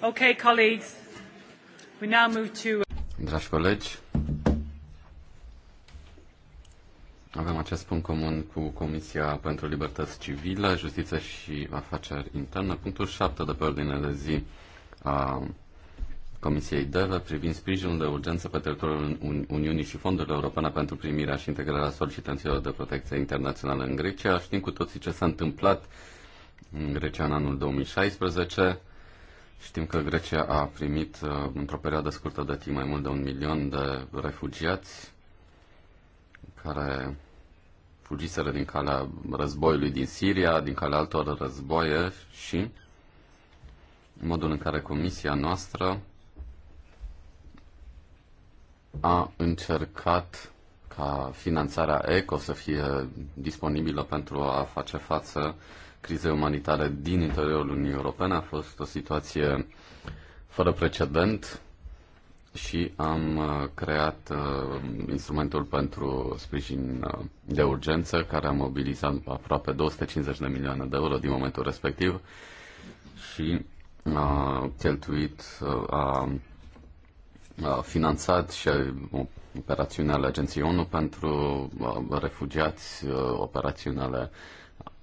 Ok, colleagues. We now move to... Uh, Dragi colegi, avem acest punct comun cu Comisia pentru Libertăți Civile, Justiție și Afaceri Interne, punctul 7 de pe ordine de zi a Comisiei DEVE privind sprijinul de urgență pe teritoriul Uniunii și fondurile europene pentru primirea și integrarea solicitanților de protecție internațională în Grecia. Știm cu toții ce s-a întâmplat în Grecia în anul 2016 Știm că Grecia a primit uh, într-o perioadă scurtă de timp mai mult de un milion de refugiați care fugiseră din calea războiului din Siria, din calea altor războaie și modul în care comisia noastră a încercat ca finanțarea ECO să fie disponibilă pentru a face față uh, crize umanitare din interiorul Uniunii Europene. A fost o situație fără precedent și am uh, creat uh, instrumentul pentru sprijin uh, de urgență, care a mobilizat aproape 250 de milioane de euro din momentul respectiv și a cheltuit, a, a finanțat și operațiunea ale Agenției ONU pentru refugiați, ale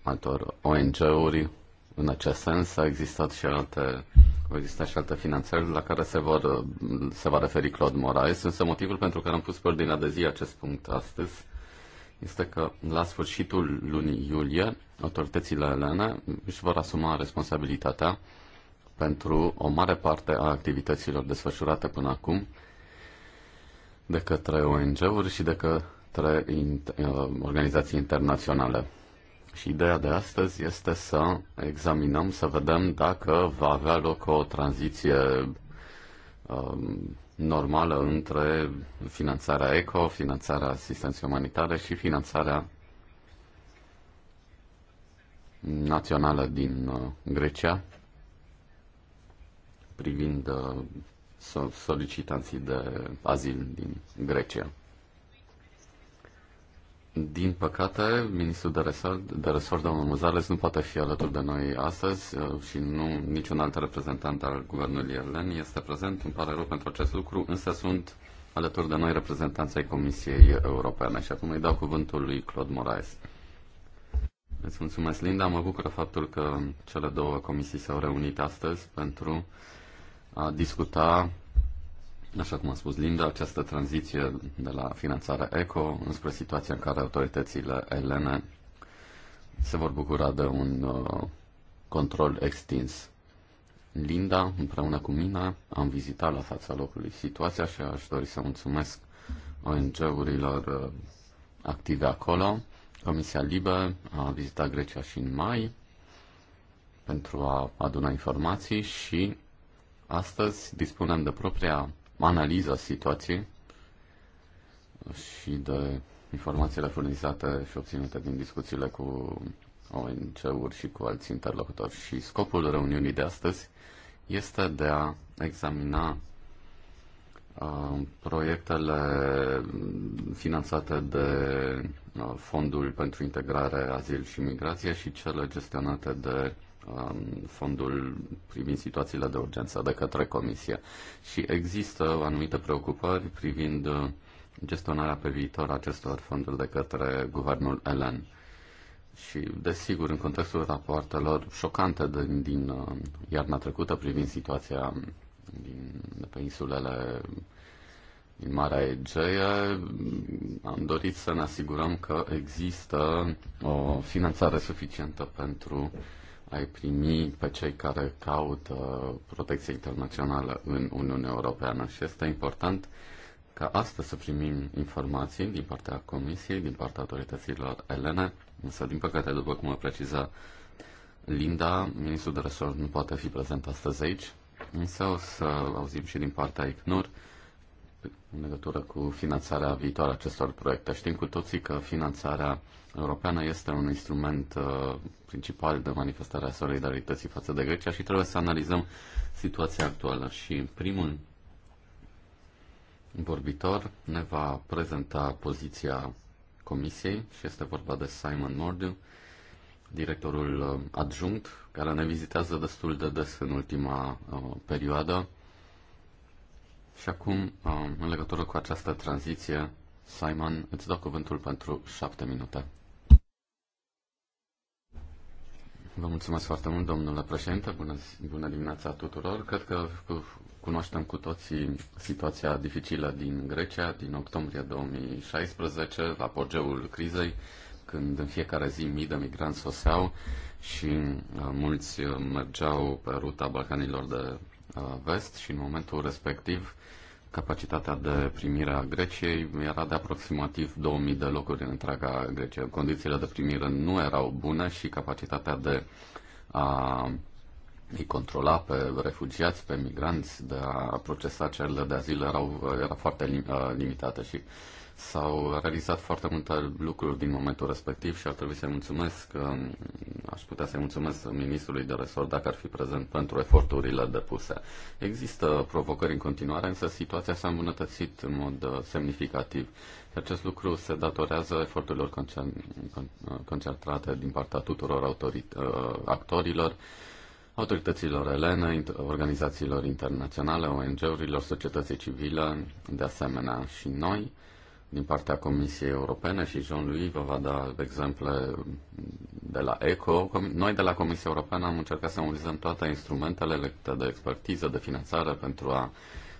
altor ONG-uri în acest sens. A existat și alte, au existat și alte finanțări la care se, vor, se va referi Claude Moraes, însă motivul pentru care am pus pe ordinea de zi acest punct astăzi este că la sfârșitul lunii iulie autoritățile elene își vor asuma responsabilitatea pentru o mare parte a activităților desfășurate până acum de către ONG-uri și de către uh, organizații internaționale. Și ideea de astăzi este să examinăm, să vedem dacă va avea loc o tranziție um, normală între finanțarea ECO, finanțarea asistenței umanitare și finanțarea națională din uh, Grecia privind uh, solicitanții de azil din Grecia. Din păcate, ministrul de resort, de resort domnul Muzales, nu poate fi alături de noi astăzi uh, și nu niciun alt reprezentant al guvernului Elen este prezent. Îmi pare rău pentru acest lucru, însă sunt alături de noi ai Comisiei Europene și acum îi dau cuvântul lui Claude Moraes. Îți mulțumesc, Linda. Mă bucură faptul că cele două comisii s-au reunit astăzi pentru a discuta Așa cum a spus Linda, această tranziție de la finanțarea ECO înspre situația în care autoritățile elene se vor bucura de un uh, control extins. Linda, împreună cu mine, am vizitat la fața locului situația și aș dori să mulțumesc ONG-urilor uh, active acolo. Comisia Libe a vizitat Grecia și în mai pentru a aduna informații și astăzi dispunem de propria analiza situației și de informațiile furnizate și obținute din discuțiile cu ONG-uri și cu alți interlocutori. Și scopul reuniunii de astăzi este de a examina uh, proiectele finanțate de uh, Fondul pentru Integrare, Azil și Migrație și cele gestionate de fondul privind situațiile de urgență de către Comisie. Și există anumite preocupări privind uh, gestionarea pe viitor acestor fonduri de către guvernul elen. Și, desigur, în contextul rapoartelor șocante din, din uh, iarna trecută privind situația din, de pe insulele din Marea Egee, am dorit să ne asigurăm că există o finanțare suficientă pentru uh, ai primi pe cei care caută protecție internațională în Uniunea Europeană și este important ca astăzi să primim informații din partea Comisiei, din partea autorităților Elena, însă din păcate, după cum a precizat Linda, ministrul de resort nu poate fi prezent astăzi aici, însă o să auzim și din partea ICNUR în legătură cu finanțarea viitoare a acestor proiecte. Știm cu toții că finanțarea europeană este un instrument uh, principal de manifestare a solidarității față de Grecia și trebuie să analizăm situația actuală. Și primul vorbitor ne va prezenta poziția Comisiei și este vorba de Simon Mordew, directorul uh, adjunct, care ne vizitează destul de des în ultima uh, perioadă și acum, um, în legătură cu această tranziție, Simon, îți dau cuvântul pentru șapte minute. Vă mulțumesc foarte mult, domnule președinte. Bună, bună dimineața tuturor. Cred că cunoaștem cu toții situația dificilă din Grecia din octombrie 2016, apogeul crizei, când în fiecare zi mii de migranți soseau și uh, mulți uh, mergeau pe ruta Balcanilor de uh, vest și în momentul respectiv capacitatea de primire a Greciei era de aproximativ 2000 de locuri în întreaga Grecie. Condițiile de primire nu erau bune și capacitatea de a îi controla pe refugiați, pe migranți, de a procesa cererile de azil erau, era foarte lim, ă, limitată și S-au realizat foarte multe lucruri din momentul respectiv și ar trebui să-i mulțumesc, um, aș putea să-i mulțumesc ministrului de resort dacă ar fi prezent pentru eforturile depuse. Există provocări în continuare, însă situația s-a îmbunătățit în mod uh, semnificativ. Acest lucru se datorează eforturilor uh, concentrate din partea tuturor uh, actorilor, autorităților elene, organizațiilor internaționale, ONG-urilor, societății civile, de asemenea și noi din partea Comisiei Europene și Jean-Louis vă va da exemple de la ECO. Noi de la Comisia Europeană am încercat să mobilizăm toate instrumentele legate de expertiză, de finanțare pentru a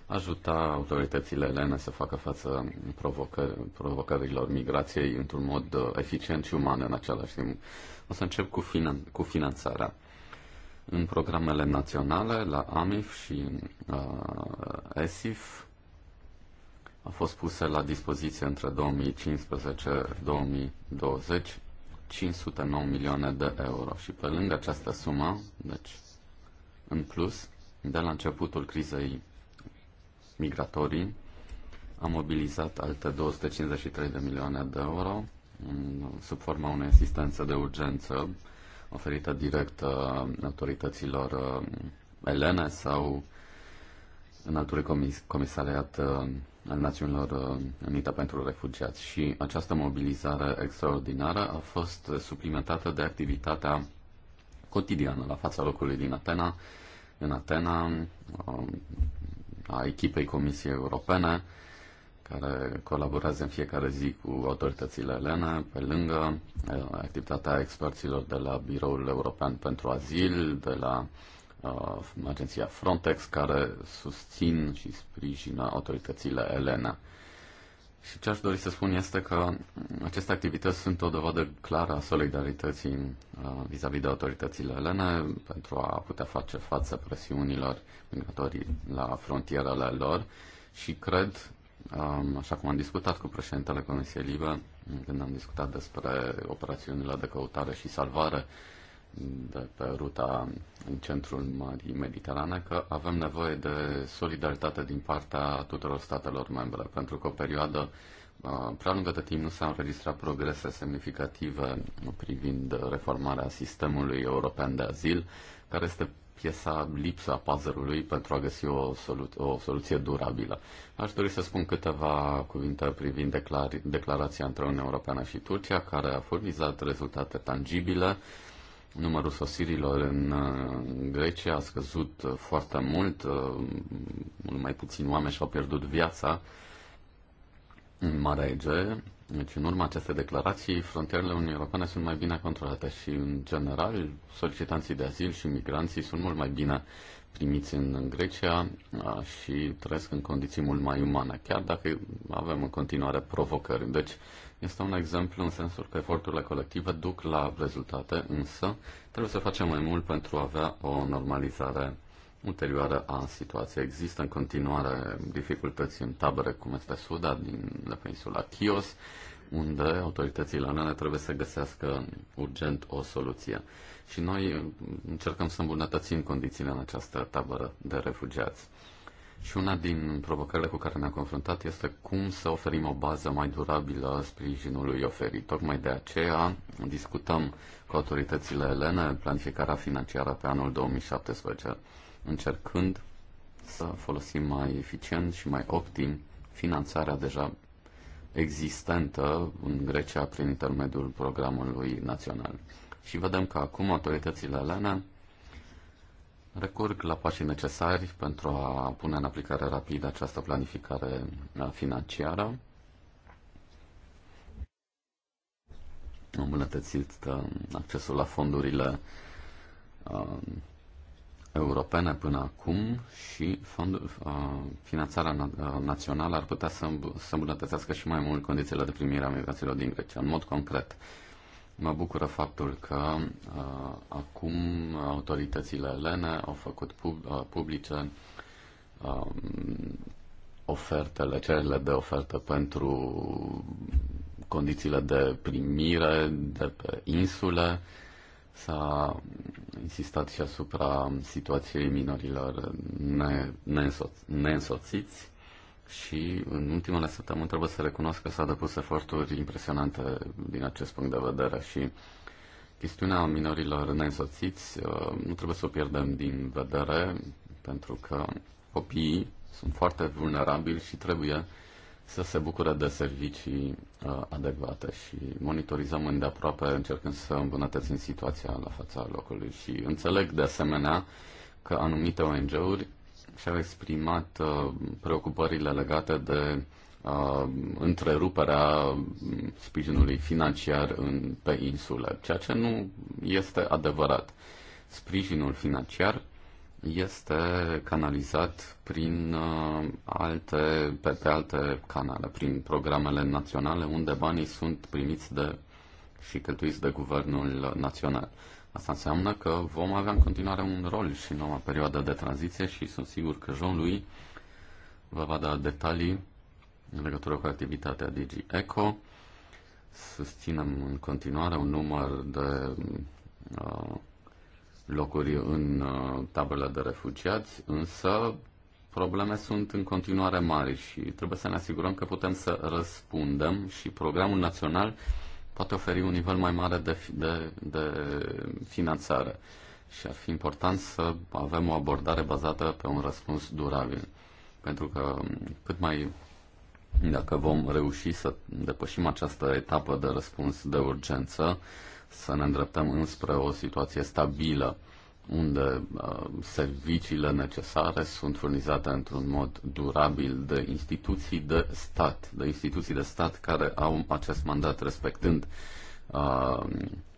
ajuta autoritățile elene să facă față provocă, provocărilor migrației într-un mod uh, eficient și uman în același timp. O să încep cu, finan- cu finanțarea. În programele naționale, la AMIF și uh, ESIF, a fost pusă la dispoziție între 2015-2020 509 milioane de euro și pe lângă această sumă, deci în plus, de la începutul crizei migratorii, a mobilizat alte 253 de milioane de euro sub forma unei asistențe de urgență oferită direct uh, autorităților uh, elene sau în alturi comis- comisariat uh, al Națiunilor uh, Unite pentru Refugiați și această mobilizare extraordinară a fost suplimentată de activitatea cotidiană la fața locului din Atena, în Atena, um, a echipei Comisiei Europene, care colaborează în fiecare zi cu autoritățile elene, pe lângă uh, activitatea experților de la Biroul European pentru Azil, de la uh, Uh, agenția Frontex, care susțin și sprijină autoritățile elene. Și ce aș dori să spun este că aceste activități sunt o dovadă clară a solidarității uh, vis-a-vis -vis de autoritățile elene pentru a putea face față presiunilor migratorii la frontierele lor și cred, um, așa cum am discutat cu președintele Comisiei Libe, când am discutat despre operațiunile de căutare și salvare de pe ruta în centrul marii Mediterane că avem nevoie de solidaritate din partea tuturor statelor membre, pentru că o perioadă uh, prea lungă de timp nu s-au înregistrat progrese semnificative privind reformarea sistemului european de azil, care este piesa lipsa puzzle-ului pentru a găsi o, solu- o soluție durabilă. Aș dori să spun câteva cuvinte privind declar- declarația între Uniunea Europeană și Turcia, care a furnizat rezultate tangibile numărul sosirilor în uh, Grecia a scăzut uh, foarte mult, uh, mult mai puțini oameni și-au pierdut viața în Marea Ege. Deci, în urma acestei declarații, frontierele Uniunii Europene sunt mai bine controlate și, în general, solicitanții de azil și migranții sunt mult mai bine primiți în Grecia și trăiesc în condiții mult mai umane, chiar dacă avem în continuare provocări. Deci, este un exemplu în sensul că eforturile colective duc la rezultate, însă trebuie să facem mai mult pentru a avea o normalizare ulterioară a situației. Există în continuare dificultăți în tabere cum este Suda, din peninsula Chios, unde autoritățile alene trebuie să găsească urgent o soluție. Și noi încercăm să îmbunătățim condițiile în această tabără de refugiați. Și una din provocările cu care ne-am confruntat este cum să oferim o bază mai durabilă sprijinului oferit. Tocmai de aceea discutăm cu autoritățile elene planificarea financiară pe anul 2017, încercând să folosim mai eficient și mai optim finanțarea deja existentă în Grecia prin intermediul programului național. Și vedem că acum autoritățile elene recurg la pașii necesari pentru a pune în aplicare rapidă această planificare uh, financiară. Am îmbunătățit uh, accesul la fondurile uh, europene până acum și fondul, finanțarea națională ar putea să îmbunătățească și mai mult condițiile de primire a migrațiilor din Grecia. În mod concret, Mă bucură faptul că uh, acum autoritățile elene au făcut pub- uh, publice uh, ofertele, cererile de ofertă pentru condițiile de primire de pe insule. S-a insistat și asupra situației minorilor neînsoțiți și în ultimele săptămâni trebuie să recunosc că s-a depus eforturi impresionante din acest punct de vedere și chestiunea minorilor neînsoțiți uh, nu trebuie să o pierdem din vedere pentru că copiii sunt foarte vulnerabili și trebuie să se bucure de servicii uh, adecvate și monitorizăm îndeaproape încercând să îmbunătățim situația la fața locului și înțeleg de asemenea că anumite ONG-uri și-au exprimat uh, preocupările legate de uh, întreruperea sprijinului financiar în, pe insule, ceea ce nu este adevărat. Sprijinul financiar este canalizat prin uh, alte, pe, pe alte canale, prin programele naționale unde banii sunt primiți de și cheltuiți de guvernul național. Uh, Asta înseamnă că vom avea în continuare un rol și în noua perioadă de tranziție și sunt sigur că Jean-Louis vă va da detalii în legătură cu activitatea Digi Eco. Susținem în continuare un număr de uh, locuri în uh, tabele de refugiați, însă probleme sunt în continuare mari și trebuie să ne asigurăm că putem să răspundem și programul național uh, poate oferi un nivel mai mare de, de, de finanțare și ar fi important să avem o abordare bazată pe un răspuns durabil. Pentru că um, cât mai dacă vom reuși să depășim această etapă de răspuns de urgență, să ne îndreptăm înspre o situație stabilă unde uh, serviciile necesare sunt furnizate într-un mod durabil de instituții de stat, de instituții de stat care au acest mandat respectând uh,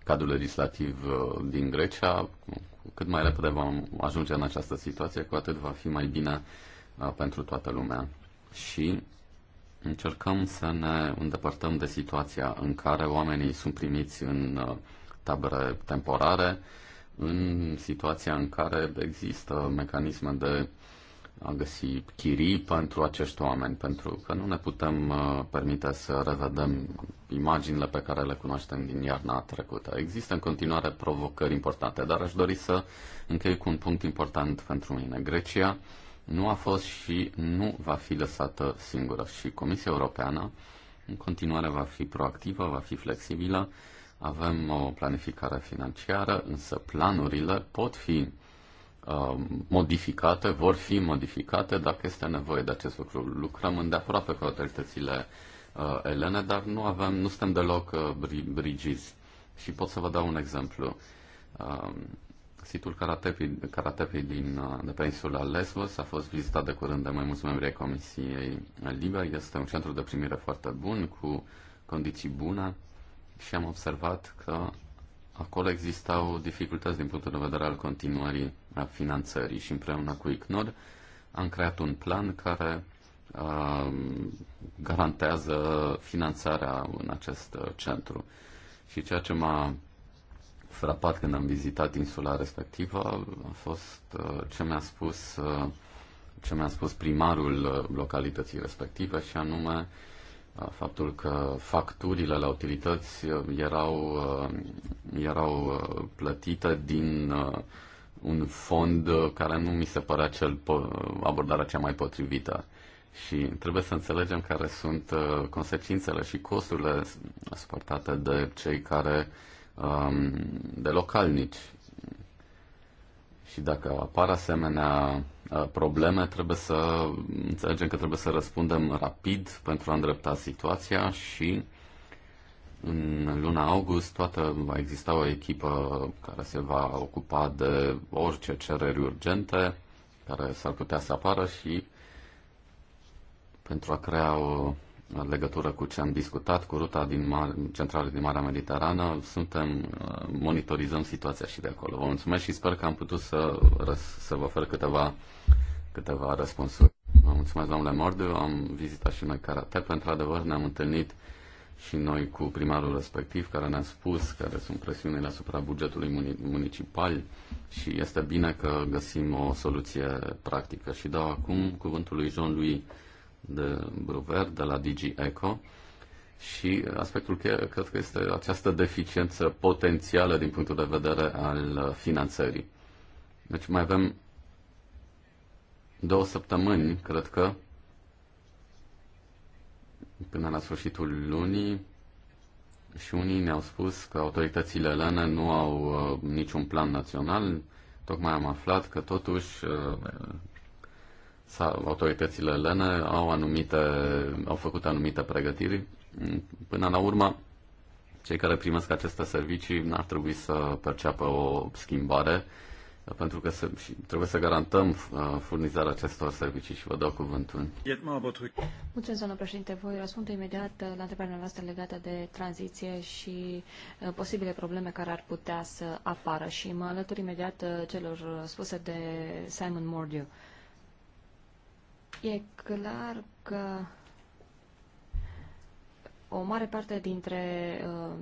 cadrul legislativ uh, din Grecia. Cu cât mai repede vom ajunge în această situație, cu atât va fi mai bine pentru toată lumea. Și încercăm să ne îndepărtăm de situația în care oamenii sunt primiți în tabere temporare, în situația în care există mecanisme de a găsi chirii pentru acești oameni, pentru că nu ne putem uh, permite să revedem imaginile pe care le cunoaștem din iarna trecută. Există în continuare provocări importante, dar aș dori să închei cu un punct important pentru mine. Grecia nu a fost și nu va fi lăsată singură și Comisia Europeană în continuare va fi proactivă, va fi flexibilă avem uh, o planificare financiară, însă planurile pot fi uh, modificate, vor fi modificate dacă este nevoie de acest lucru. Lucrăm îndeaproape cu autoritățile uh, elene, dar nu avem, nu suntem deloc uh, brigizi. Și pot să vă dau un exemplu. Uh, situl Karatepi, Karatepi din, uh, de pe insula Lesbos a fost vizitat de curând de mai mulți membri ai Comisiei Liber. Este un centru de primire foarte bun, cu condiții bune și am observat că acolo existau dificultăți din punctul de vedere al continuării a finanțării și împreună cu ICNOR am creat un plan care uh, garantează finanțarea în acest centru. Și ceea ce m-a frapat când am vizitat insula respectivă a fost uh, ce mi-a spus uh, ce mi-a spus primarul localității respective și anume faptul că facturile la utilități uh, erau, uh, erau uh, plătite din un fond care nu mi se părea cel, abordarea cea mai potrivită. Și trebuie să înțelegem care sunt consecințele și costurile suportate de cei care, um, de localnici, și dacă apar asemenea uh, probleme, trebuie să înțelegem că trebuie să răspundem rapid pentru a îndrepta situația și în luna august toată va exista o echipă care se va ocupa de orice cereri urgente care s-ar putea să apară și pentru a crea o în legătură cu ce am discutat, cu ruta din Mar- centrală din Marea Mediterană. Suntem, uh, monitorizăm situația și de acolo. Vă mulțumesc și sper că am putut să, să vă ofer câteva, câteva răspunsuri. Vă mulțumesc, domnule Mordeu. Am vizitat și noi Karatepe. Într-adevăr, ne-am întâlnit și noi cu primarul respectiv care ne-a spus care sunt presiunile asupra bugetului municipal și este bine că găsim o soluție practică. Și dau acum cuvântul lui Jean-Louis de Bruver, de la Digi Eco. Și aspectul cheie cred că este această deficiență potențială din punctul de vedere al finanțării. Deci mai avem două săptămâni, cred că, până la sfârșitul lunii și unii ne-au spus că autoritățile elene nu au uh, niciun plan național. Tocmai am aflat că totuși uh, sau autoritățile elene au, anumite, au făcut anumite pregătiri. Până la urmă, cei care primesc aceste servicii n-ar trebui să perceapă o schimbare, pentru că se, trebuie să garantăm uh, furnizarea acestor servicii și vă dau cuvântul. Mulțumesc, doamnă președinte. Voi răspunde imediat la întrebarea noastră legată de tranziție și uh, posibile probleme care ar putea să apară și mă alătur imediat uh, celor spuse de Simon Mordiu. E clar că o mare parte dintre uh,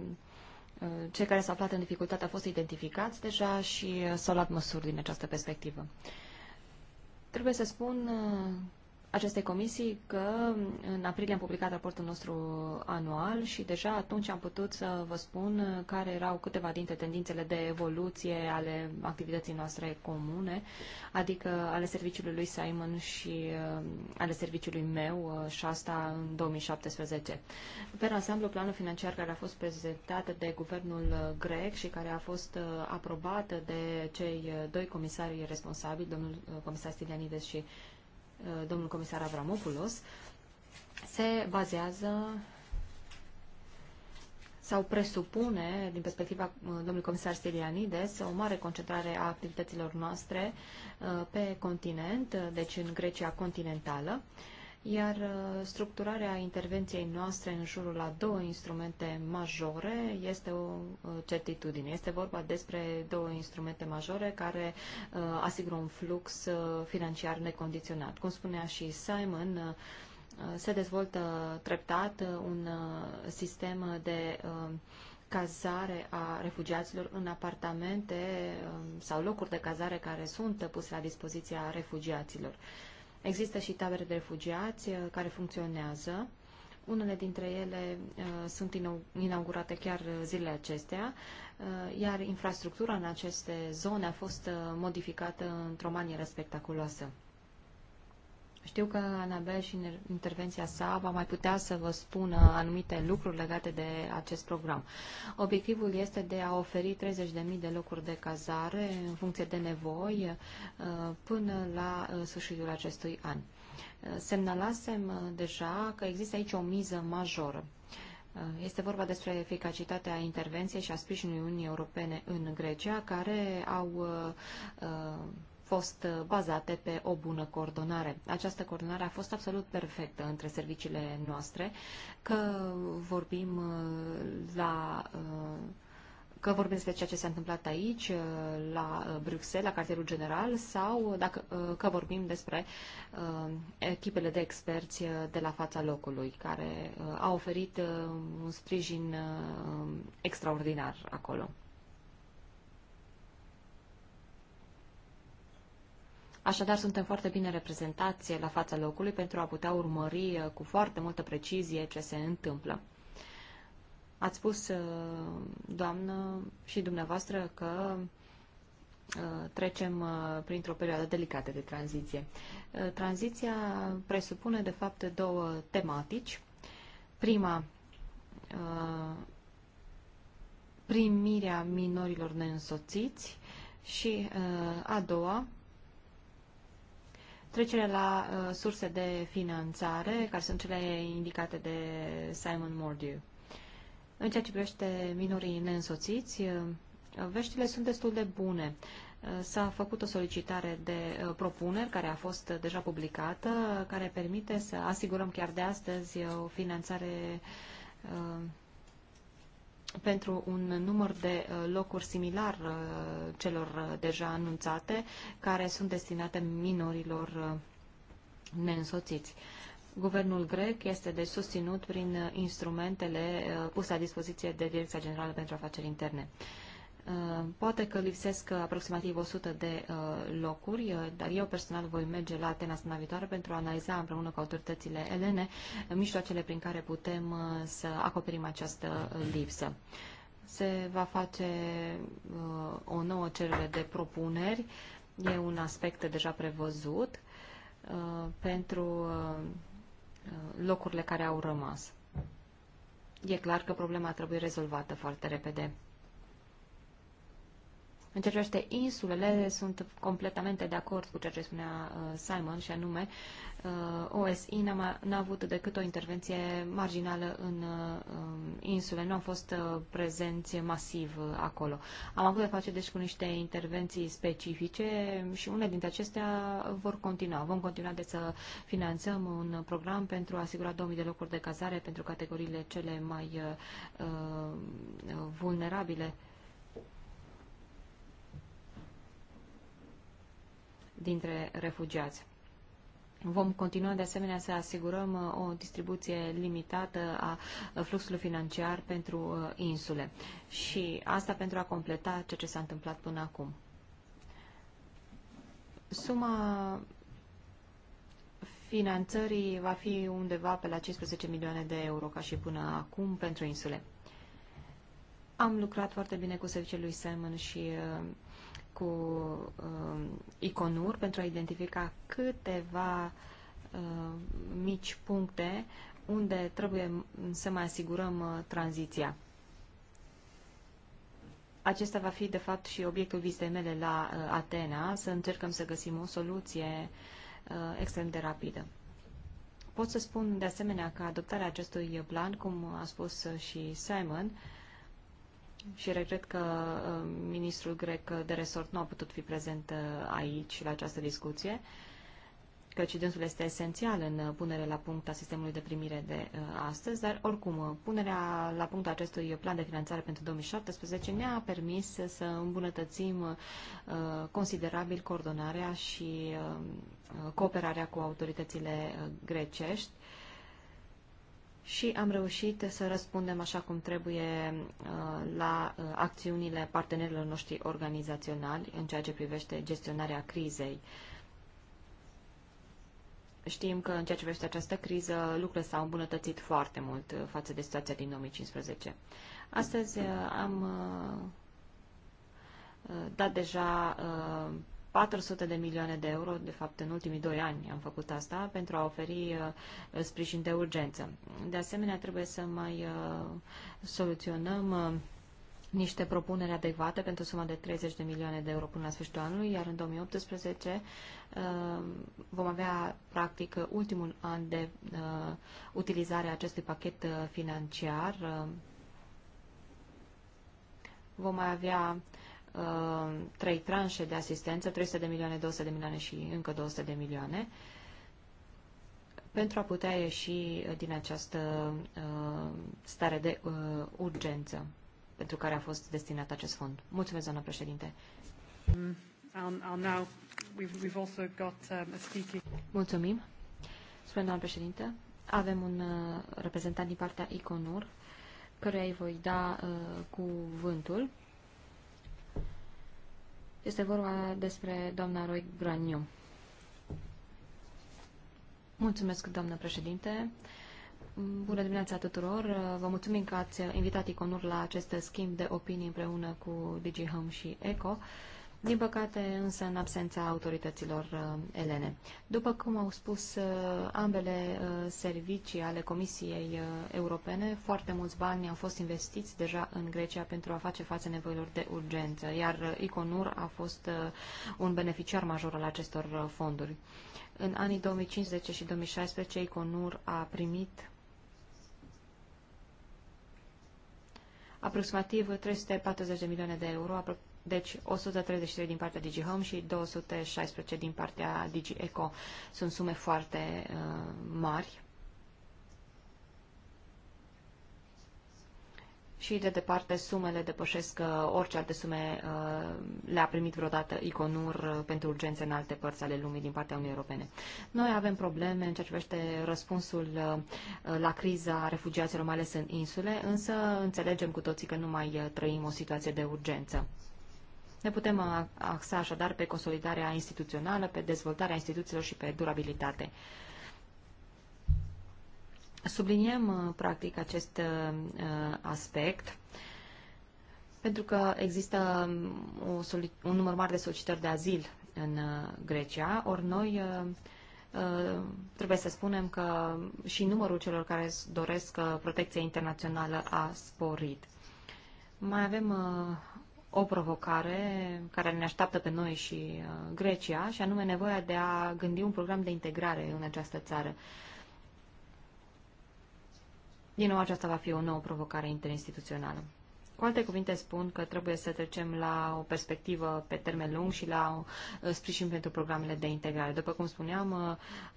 uh, cei care s-au aflat în dificultate au fost identificați deja și s-au luat măsuri din această perspectivă. Trebuie să spun uh, acestei comisii că în aprilie am publicat raportul nostru anual și deja atunci am putut să vă spun care erau câteva dintre tendințele de evoluție ale activității noastre comune, adică ale serviciului lui Simon și uh, ale serviciului meu uh, și asta în 2017. Per ansamblu, planul financiar care a fost prezentat de guvernul uh, grec și care a fost aprobat de cei doi comisari responsabili, domnul comisar Stilianides și Uh, domnul comisar Avramopoulos, se bazează sau presupune, din perspectiva uh, domnului comisar Stilianides, o mare concentrare a activităților noastre uh, pe continent, deci în Grecia continentală, iar uh, structurarea intervenției noastre în jurul a două instrumente majore este o uh, certitudine. Este vorba despre două instrumente majore care uh, asigură un flux financiar necondiționat. Cum spunea și Simon, se dezvoltă treptat un sistem de cazare a refugiaților în apartamente sau locuri de cazare care sunt puse la dispoziția refugiaților. Există și tabere de refugiați uh, care funcționează. Unele dintre ele uh, sunt inaugurate chiar uh, zilele acestea, uh, iar infrastructura în aceste zone a fost uh, modificată într-o manieră spectaculoasă. Știu că Anabel și în intervenția sa va mai putea să vă spună anumite lucruri legate de acest program. Obiectivul este de a oferi 30.000 de locuri de cazare în funcție de nevoi uh, până la uh, sfârșitul acestui an. Uh, semnalasem deja că există aici o miză majoră. Este vorba despre eficacitatea intervenției și a sprijinului Uniunii Europene în Grecia, care au uh, fost uh, bazate pe o bună coordonare. Această coordonare a fost absolut perfectă între serviciile noastre, că vorbim uh, la uh, că vorbim despre ceea ce s-a întâmplat aici, la Bruxelles, la cartierul general, sau dacă, că vorbim despre echipele de experți de la fața locului, care au oferit un sprijin extraordinar acolo. Așadar, suntem foarte bine reprezentați la fața locului pentru a putea urmări uh, cu foarte multă precizie ce se întâmplă. Ați spus, uh, doamnă, și dumneavoastră că uh, trecem printr-o perioadă delicată de tranziție. Tranziția presupune, de fapt, două tematici. Prima, primirea minorilor neînsoțiți și a doua, Trecerea la uh, surse de finanțare, care sunt cele indicate de Simon Mordew. În ceea ce privește minorii neînsoțiți, uh, veștile sunt destul de bune. Uh, s-a făcut o solicitare de uh, propuneri care a fost uh, deja publicată, care permite să asigurăm chiar de astăzi o finanțare uh, pentru un număr de uh, locuri similar uh, celor uh, deja anunțate, care sunt destinate minorilor neînsoțiți. Guvernul grec este de susținut prin instrumentele puse la dispoziție de Direcția Generală pentru Afaceri Interne. Uh, poate că lipsesc uh, aproximativ 100 de uh, locuri, dar eu personal voi merge la Atena săptămâna viitoare pentru a analiza împreună cu autoritățile elene mijloacele prin care putem să acoperim această lipsă. Se va face o nouă cerere de propuneri, e un aspect deja prevăzut pentru locurile care au rămas. E clar că problema trebuie rezolvată foarte repede. În ce privește insulele, sunt completamente de acord cu ceea ce spunea uh, Simon și anume uh, OSI n-a avut decât o intervenție marginală în uh, insule. Nu au fost prezenți masiv acolo. Am avut de face deci cu niște intervenții specifice și unele dintre acestea vor continua. Vom continua de deci, să finanțăm un program pentru a asigura 2000 de locuri de cazare pentru categoriile cele mai vulnerabile dintre refugiați. Vom continua de asemenea să asigurăm uh, o distribuție limitată a uh, fluxului financiar pentru uh, insule și asta pentru a completa ceea ce s-a întâmplat până acum. Suma finanțării va fi undeva pe la 15 milioane de euro ca și până acum pentru insule. Am lucrat foarte bine cu serviciul lui Simon și cu uh, um, iconuri pentru a identifica câteva uh, mici puncte unde trebuie să mai asigurăm uh, tranziția. Acesta va fi, de fapt, și obiectul vizitei mele la uh, Atena, să încercăm să găsim o soluție uh, extrem de rapidă. Pot să spun, de asemenea, că adoptarea acestui plan, cum a spus uh, și Simon, uh, și regret că uh, ministrul grec de resort nu a putut fi prezent uh, aici la această discuție, căci dânsul este esențial în uh, punerea la punct a sistemului de primire de astăzi, dar oricum, punerea la punct a acestui plan de finanțare pentru 2017 ne-a permis să îmbunătățim considerabil coordonarea și cooperarea cu autoritățile grecești și am reușit să răspundem așa cum trebuie uh, la uh, acțiunile partenerilor noștri organizaționali în ceea ce privește gestionarea crizei. Știm că în ceea ce privește această criză, lucrurile s-au îmbunătățit foarte mult uh, față de situația din 2015. Astăzi am dat deja 400 de milioane de euro, de fapt în ultimii doi ani am făcut asta, pentru a oferi uh, sprijin de urgență. De asemenea, trebuie să mai uh, soluționăm uh, niște propuneri adecvate pentru suma de 30 de milioane de euro până la sfârșitul anului, iar în 2018 vom avea practic ultimul an de utilizare a acestui pachet financiar. Vom mai avea Uh, trei tranșe de asistență, 300 de milioane, 200 de milioane și încă 200 de milioane, pentru a putea ieși din această uh, stare de uh, urgență pentru care a fost destinat acest fond. Mulțumesc, doamnă președinte. Mulțumim. Spune doamnă președinte, avem un reprezentant din partea Iconur, căruia îi voi da uh, cuvântul. Este vorba despre doamna Roy Graniu. Mulțumesc, doamnă președinte. Bună dimineața tuturor! Vă mulțumim că ați invitat Iconur la acest schimb de opinii împreună cu DigiHome și ECO. Din păcate, însă, în absența autorităților uh, elene. După cum au spus uh, ambele uh, servicii ale Comisiei uh, Europene, foarte mulți bani au fost investiți deja în Grecia pentru a face față nevoilor de urgență, iar uh, Iconur a fost uh, un beneficiar major al acestor uh, fonduri. În anii 2015 și 2016, Iconur a primit aproximativ 340 de milioane de euro, deci 133 din partea DigiHome și 216 din partea DigiEco. Sunt sume foarte uh, mari. Și de departe sumele depășesc uh, orice alte sume uh, le-a primit vreodată Iconur uh, pentru urgențe în alte părți ale lumii din partea Uniunii Europene. Noi avem probleme în ceea ce privește răspunsul uh, uh la criza refugiaților, mai ales în insule, însă înțelegem cu toții că nu mai uh, trăim o situație de urgență. Ne putem uh, axa așadar pe consolidarea instituțională, pe dezvoltarea instituțiilor și pe durabilitate. Subliniem, uh, practic, acest uh, aspect pentru că există um, un număr mare de solicitări de azil în Grecia, ori noi trebuie să spunem că și numărul celor care doresc protecție internațională a sporit. Mai avem o provocare care ne așteaptă pe noi și uh, Grecia, și anume nevoia de a gândi un program de integrare în această țară. Din nou, aceasta va fi o nouă provocare interinstituțională. Cu alte cuvinte spun că trebuie să trecem la o perspectivă pe termen lung și la o uh, sprijin pentru programele de integrare. După cum spuneam,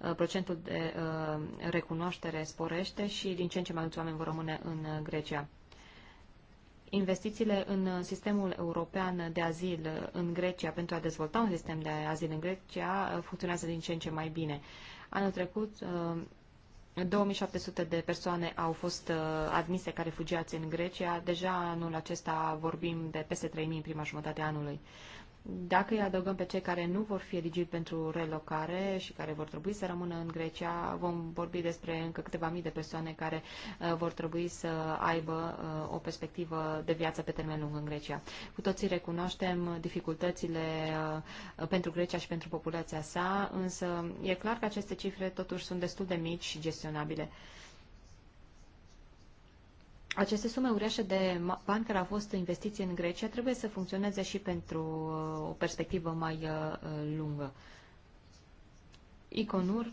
uh, procentul de recunoaștere sporește și din ce în ce mai mulți oameni vor rămâne în Grecia investițiile în sistemul european de azil în Grecia pentru a dezvolta un sistem de azil în Grecia uh, funcționează din ce în ce mai bine. Anul trecut, 2700 uh, de persoane au fost uh, admise ca refugiați în Grecia. Deja anul acesta vorbim de peste 3000 în prima jumătate a anului. Dacă îi adăugăm pe cei care nu vor fi eligibili pentru relocare și care vor trebui să rămână în Grecia, vom vorbi despre încă câteva mii de persoane care uh, vor trebui să aibă uh, o perspectivă de viață pe termen lung în Grecia. Cu toții recunoaștem dificultățile uh, pentru Grecia și pentru populația sa, însă e clar că aceste cifre totuși sunt destul de mici și gestionabile aceste sume uriașe de bani care au fost investiți în Grecia trebuie să funcționeze și pentru uh, o perspectivă mai uh, uh, lungă. Iconur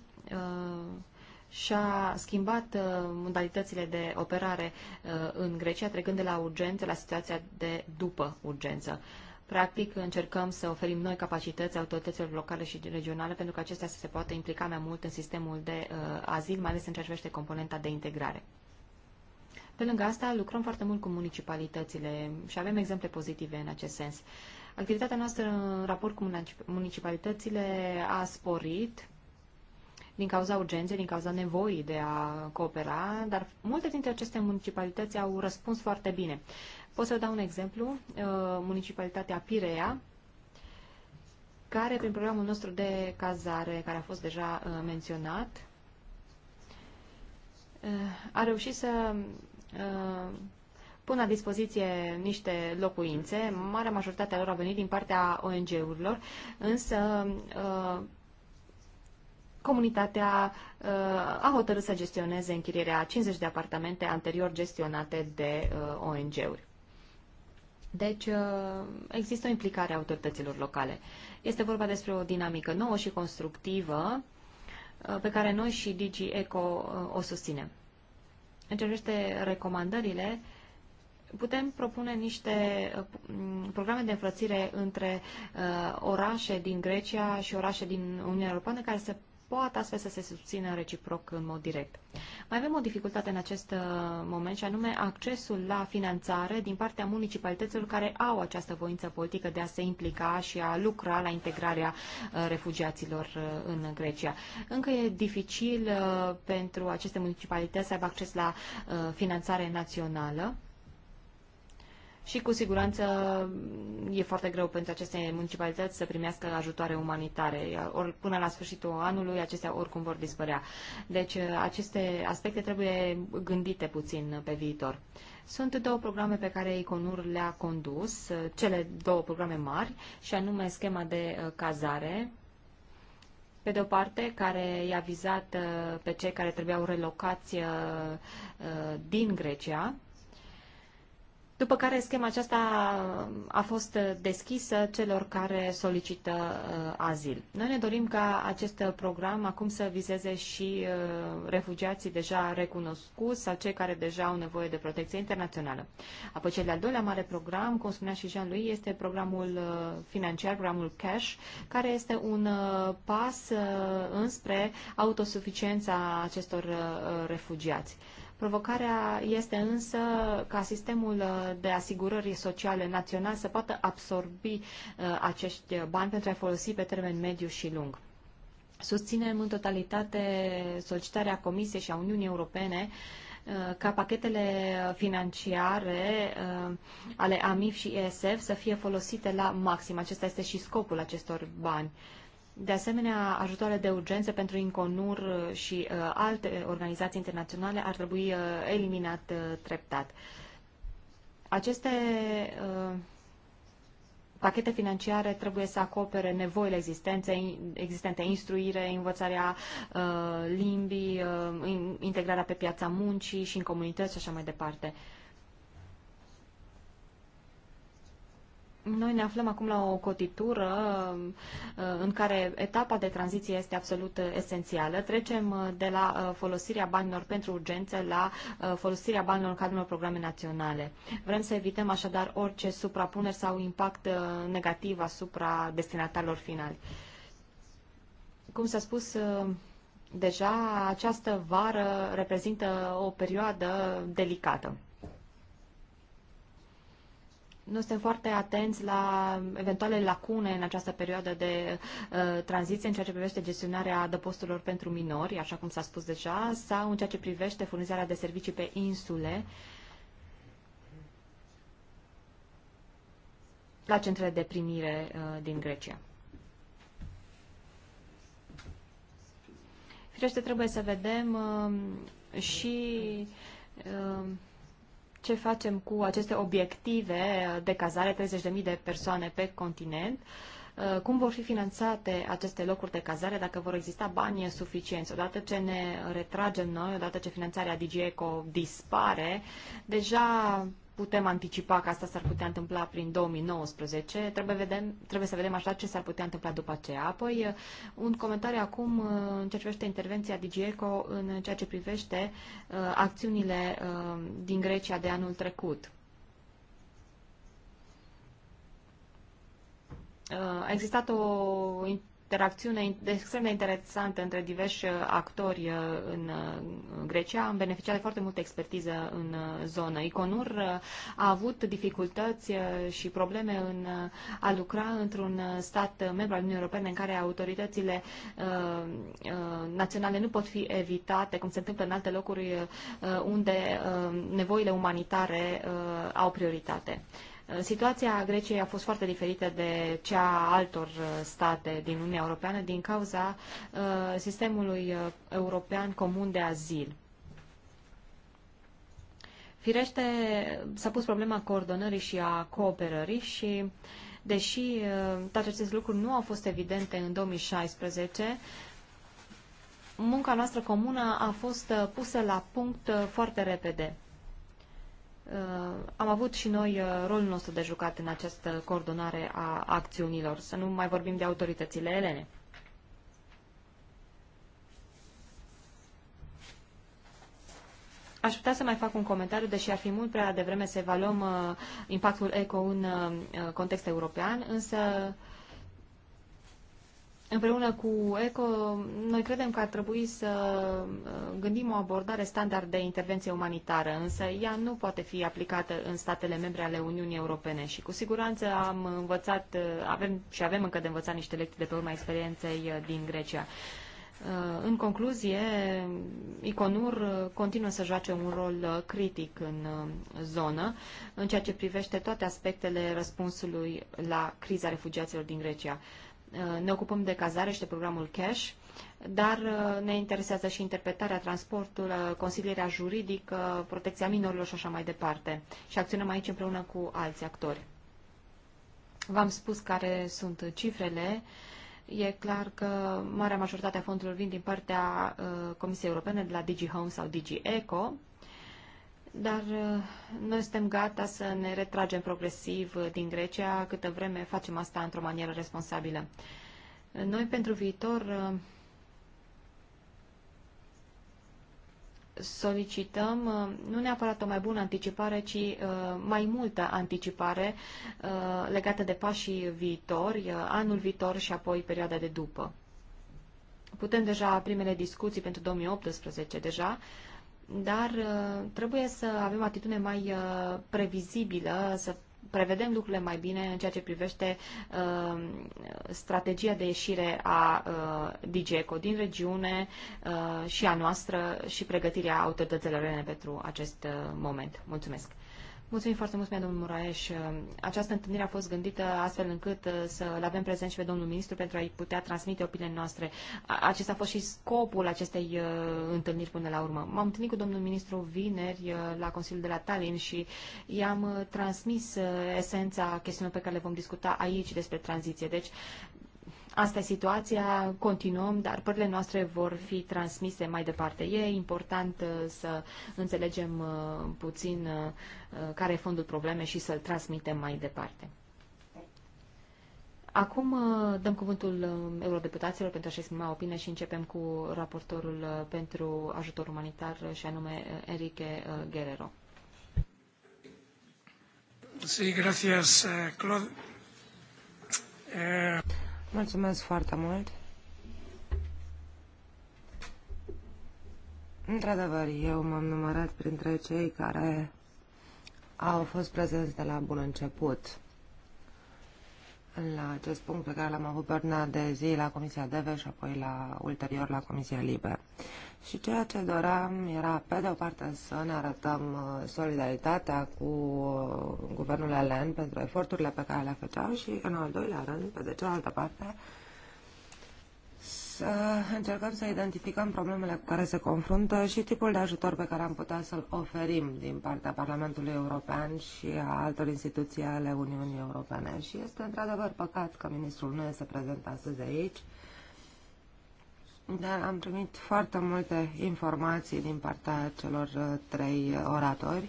și-a schimbat modalitățile de operare în Grecia, trecând de la urgență la situația de după urgență. Practic, încercăm să oferim noi capacități autorităților locale și regionale pentru că acestea să se poată implica mai mult în sistemul de azil, mai ales în ceea ce privește componenta de integrare. Pe lângă asta, lucrăm foarte mult cu municipalitățile și avem exemple pozitive în acest sens. Activitatea noastră în raport cu municipalitățile a sporit din cauza urgenței, din cauza nevoii de a coopera, dar multe dintre aceste municipalități au răspuns foarte bine. Pot să dau un exemplu, uh, municipalitatea Pirea, care prin programul nostru de cazare, care a fost deja uh, menționat, uh, a reușit să Uh, pun la dispoziție niște locuințe. Marea majoritate a lor a venit din partea ONG-urilor, însă uh, comunitatea uh, a hotărât să gestioneze închirierea 50 de apartamente anterior gestionate de ONG-uri. Deci există o implicare a autorităților locale. Este vorba despre o dinamică nouă și constructivă pe care noi și DigiEco o susținem. În ce privește recomandările, putem propune niște mm, programe de înfrățire între uh, orașe din Grecia și orașe din Uniunea Europeană care să poate astfel să se susțină reciproc în mod direct. Mai avem o dificultate în acest uh, moment și anume accesul la finanțare din partea municipalităților care au această voință politică de a se implica și a lucra la integrarea uh, refugiaților uh, în Grecia. Încă e dificil pentru aceste municipalități să aibă acces la finanțare națională și cu siguranță e foarte greu pentru aceste municipalități să primească ajutoare umanitare. Or, până la sfârșitul anului acestea oricum vor dispărea. Deci ă, aceste aspecte trebuie gândite puțin pe viitor. Sunt două programe pe care Iconur le-a condus, ă, cele două programe mari, și anume schema de ă, cazare, pe de o parte, care i-a vizat pe cei care trebuiau relocați din Grecia, după care schema aceasta a fost deschisă celor care solicită uh, azil. Noi ne dorim ca acest program acum să vizeze și uh, refugiații deja recunoscuți sau cei care deja au nevoie de protecție internațională. Apoi cel de-al doilea mare program, cum spunea și Jean-Louis, este programul uh, financiar, programul CASH, care este un pas înspre autosuficiența acestor refugiați. Provocarea este însă ca sistemul uh, de asigurări sociale național să poată absorbi uh, acești bani pentru a folosi pe termen mediu și lung. Susținem în totalitate solicitarea Comisiei și a Uniunii Europene uh, ca pachetele financiare ale AMIF și ESF să fie folosite la maxim. Acesta este și scopul acestor bani. De asemenea, ajutoare de urgență pentru Inconur și uh, alte organizații internaționale ar trebui uh, eliminat uh, treptat. Aceste uh, pachete financiare trebuie să acopere nevoile existențe, existente, instruire, învățarea uh, limbii, uh, integrarea pe piața muncii și în comunități și așa mai departe. Uh, Noi ne aflăm acum la o cotitură uh, în care etapa de tranziție este absolut uh, esențială. Trecem uh, de la folosirea banilor pentru urgențe la folosirea banilor în cadrul programe naționale. Vrem să evităm așadar orice suprapuneri sau impact negativ asupra destinatarilor finali. Cum s-a spus, deja această vară reprezintă o perioadă delicată. Noi suntem foarte atenți la eventuale lacune în această perioadă de uh, tranziție în ceea ce privește gestionarea adăposturilor pentru minori, așa cum s-a spus deja, sau în ceea ce privește furnizarea de servicii pe insule la centrele de primire uh, din Grecia. Firește, trebuie să vedem uh, și uh, ce facem cu aceste obiective de cazare, 30.000 de persoane pe continent, uh, cum vor fi finanțate aceste locuri de cazare, dacă vor exista bani suficienți. Odată ce ne retragem noi, odată ce finanțarea DGECO dispare, deja putem anticipa că asta s-ar putea întâmpla prin 2019. Trebuie, vedem, trebuie să vedem așa ce s-ar putea întâmpla după aceea. Apoi, uh, un comentariu acum uh, în ceea ce privește intervenția DGECO în ceea ce privește uh, acțiunile uh, din Grecia de anul trecut. Uh, a existat o interacțiune extrem de interesantă între diversi uh, actori uh, uh, în Grecia. Am beneficiat de foarte multă expertiză în zonă. Iconur a avut dificultăți și probleme în a lucra într-un stat membru al Uniunii Europene în care autoritățile naționale nu pot fi evitate, cum se întâmplă în alte locuri unde nevoile umanitare au prioritate. Situația Greciei a fost foarte diferită de cea a altor uh, state din Uniunea Europeană din cauza uh, sistemului uh, european comun de azil. Firește, s-a pus problema coordonării și a cooperării și, deși toate aceste lucruri nu au fost evidente în 2016, munca noastră comună a fost pusă la punct foarte repede. Uh, am avut și noi uh, rolul nostru de jucat în această coordonare a acțiunilor, să nu mai vorbim de autoritățile elene. Aș putea să mai fac un comentariu, deși ar fi mult prea devreme să evaluăm uh, impactul ECO în uh, context european, însă uh, Împreună cu ECO, noi credem că ar trebui să uh, gândim o abordare standard de intervenție umanitară, însă ea nu poate fi aplicată în statele membre ale Uniunii Europene și cu siguranță am învățat, uh, avem și avem încă de învățat niște lecții de pe urma experienței uh, din Grecia. În concluzie, Iconur continuă să joace un rol critic în zonă, în ceea ce privește toate aspectele răspunsului la criza refugiaților din Grecia. Eh, ne ocupăm de cazare și de programul CASH, dar eh, ne interesează și interpretarea, transportul, eh, consilierea juridică, protecția minorilor și așa mai departe. Și acționăm aici împreună cu alți actori. V-am spus care sunt cifrele. E clar că marea majoritate a fondurilor vin din partea Comisiei Europene, de la DigiHome Home sau DigiEco, Eco, dar uh, noi suntem gata să ne retragem progresiv uh, din Grecia câtă vreme facem asta într-o manieră responsabilă. Noi pentru viitor uh, solicităm nu neapărat o mai bună anticipare, ci mai multă anticipare legată de pașii viitori, anul viitor și apoi perioada de după. Putem deja primele discuții pentru 2018 deja, dar uh, trebuie să avem atitudine mai uh, previzibilă, să prevedem lucrurile mai bine în ceea ce privește uh, strategia de ieșire a uh, DGECO din regiune uh, și a noastră și pregătirea autorităților pentru acest uh, moment. Mulțumesc! Mulțumim foarte mult, domnul Muraeș. Uh, această întâlnire a fost gândită astfel încât uh, să-l avem prezent și pe domnul ministru pentru a-i putea transmite opiniile noastre. Acesta a fost și scopul acestei uh, întâlniri până la urmă. M-am întâlnit cu domnul ministru vineri la Consiliul de la Tallinn și i-am transmis esența chestiunilor pe care le vom discuta aici despre tranziție. Deci, Asta e situația, continuăm, dar părerile noastre vor fi transmise mai departe. E important uh, să înțelegem uh, puțin uh, care e fondul probleme și să-l transmitem mai departe. Acum dăm cuvântul eurodeputaților pentru a-și exprima opinia și începem cu raportorul pentru ajutor umanitar și anume Enrique Guerrero. Sí, gracias, Claude. Eh... Mulțumesc foarte mult. Într-adevăr, eu m-am numărat printre cei care au fost prezenți de la bun început la acest punct pe care l-am avut pe de zi la Comisia DV și apoi la ulterior la Comisia liberă. Și ceea ce doream era, pe de o parte, să ne arătăm uh, solidaritatea cu uh, guvernul elen pentru eforturile pe care le făceau și, în al doilea rând, pe de cealaltă parte, să încercăm să identificăm problemele cu care se confruntă și tipul de ajutor pe care am putea să-l oferim din partea Parlamentului European și a altor instituții ale Uniunii Europene. Și este într-adevăr păcat că ministrul nu este prezent astăzi aici, da, am primit foarte multe informații din partea celor uh, trei uh, oratori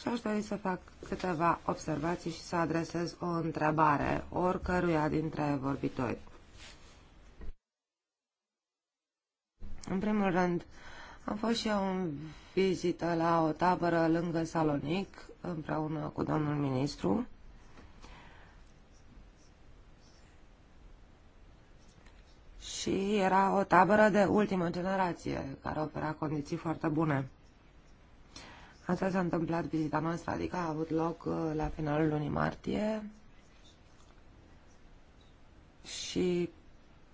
și aș dori să fac câteva observații și să adresez o întrebare oricăruia dintre vorbitori. În primul rând, am fost și eu în vizită la o tabără lângă Salonic împreună cu domnul ministru și era o tabără de ultimă generație, care opera condiții foarte bune. Asta s-a întâmplat vizita noastră, adică a avut loc uh, la finalul lunii martie și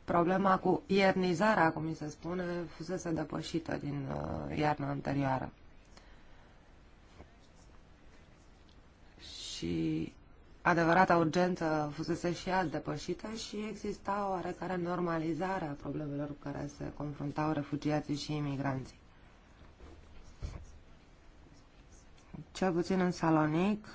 problema cu iernizarea, cum mi se spune, fusese depășită din uh, iarna anterioară. Și adevărata urgență fusese și ea depășită și exista o oarecare normalizare a problemelor cu care se confruntau refugiații și imigranții. Cel puțin în Salonic,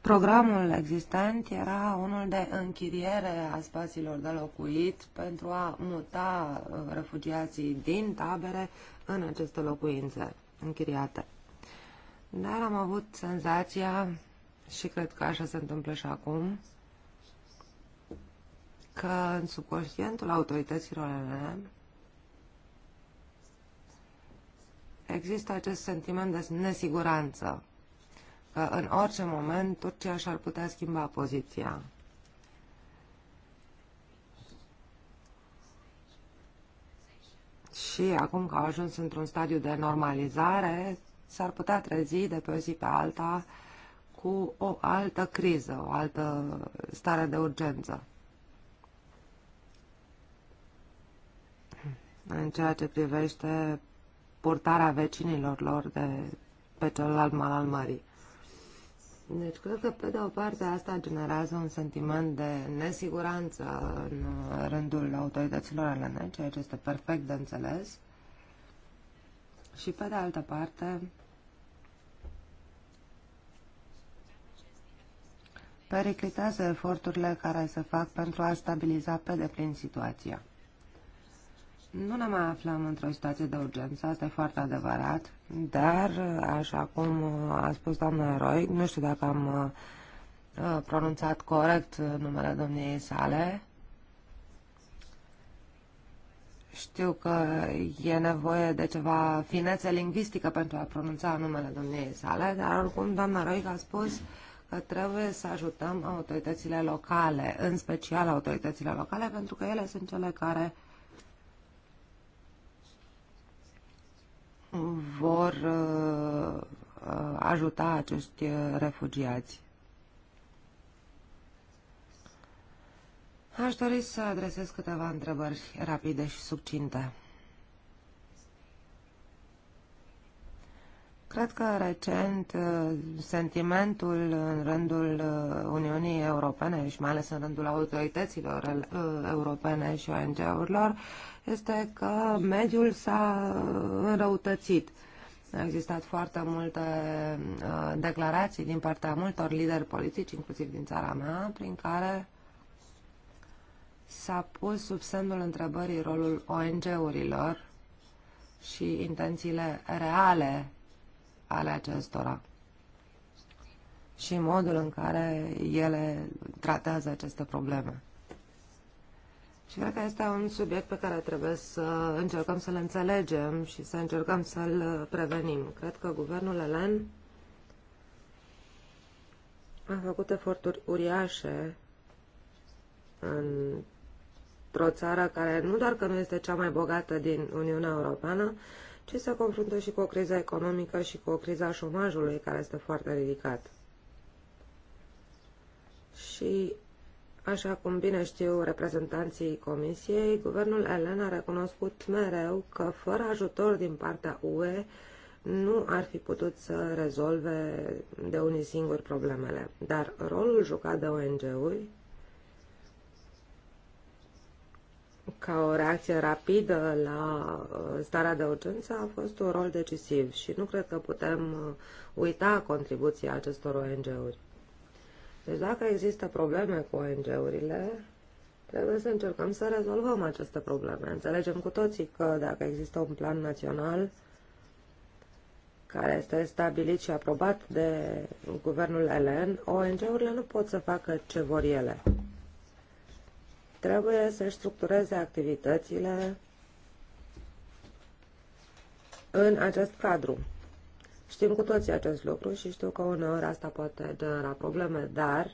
Programul existent era unul de închiriere a spațiilor de locuit pentru a muta refugiații din tabere în aceste locuințe închiriate. Dar am avut senzația, și cred că așa se întâmplă și acum, că în subconștientul autorităților mele există acest sentiment de nesiguranță, că în orice moment Turcia și-ar putea schimba poziția. Și acum că au ajuns într-un stadiu de normalizare, s-ar putea trezi de pe o zi pe alta cu o altă criză, o altă stare de urgență. În ceea ce privește purtarea vecinilor lor de pe celălalt mal al mării. Deci, cred că, pe de o parte, asta generează un sentiment de nesiguranță în rândul autorităților alene, ceea ce este perfect de înțeles și pe de altă parte periclitează eforturile care se fac pentru a stabiliza pe deplin situația. Nu ne mai aflăm într-o situație de urgență, asta e foarte adevărat, dar, așa cum a spus doamna Roig, nu știu dacă am uh, pronunțat corect uh, numele domniei sale, știu că e nevoie de ceva finețe lingvistică pentru a pronunța numele domniei sale, dar oricum doamna Roig a spus că trebuie să ajutăm autoritățile locale, în special autoritățile locale, pentru că ele sunt cele care vor uh, uh, ajuta acești refugiați. Aș dori să adresez câteva întrebări rapide și succinte. Cred că recent uh, sentimentul în rândul uh, Uniunii Europene și mai ales în rândul autorităților uh, europene și ONG-urilor este că mediul s-a înrăutățit. A existat foarte multe declarații din partea multor lideri politici, inclusiv din țara mea, prin care s-a pus sub semnul întrebării rolul ONG-urilor și intențiile reale ale acestora și modul în care ele tratează aceste probleme. Și cred că este un subiect pe care trebuie să încercăm să-l înțelegem și să încercăm să-l prevenim. Cred că guvernul elen a făcut eforturi uriașe în într-o țară care nu doar că nu este cea mai bogată din Uniunea Europeană, ci se confruntă și cu o criză economică și cu o criză a șomajului care este foarte ridicat. Și, așa cum bine știu reprezentanții Comisiei, guvernul Elen a recunoscut mereu că fără ajutor din partea UE nu ar fi putut să rezolve de unii singuri problemele. Dar rolul jucat de ONG-uri ca o reacție rapidă la uh, starea de urgență a fost un rol decisiv și nu cred că putem uh, uita contribuția acestor ONG-uri. Deci dacă există probleme cu ONG-urile, trebuie să încercăm să rezolvăm aceste probleme. Înțelegem cu toții că dacă există un plan național care este stabilit și aprobat de guvernul elen, ONG-urile nu pot să facă ce vor ele trebuie să-și structureze activitățile în acest cadru. Știm cu toții acest lucru și știu că uneori asta poate genera probleme, dar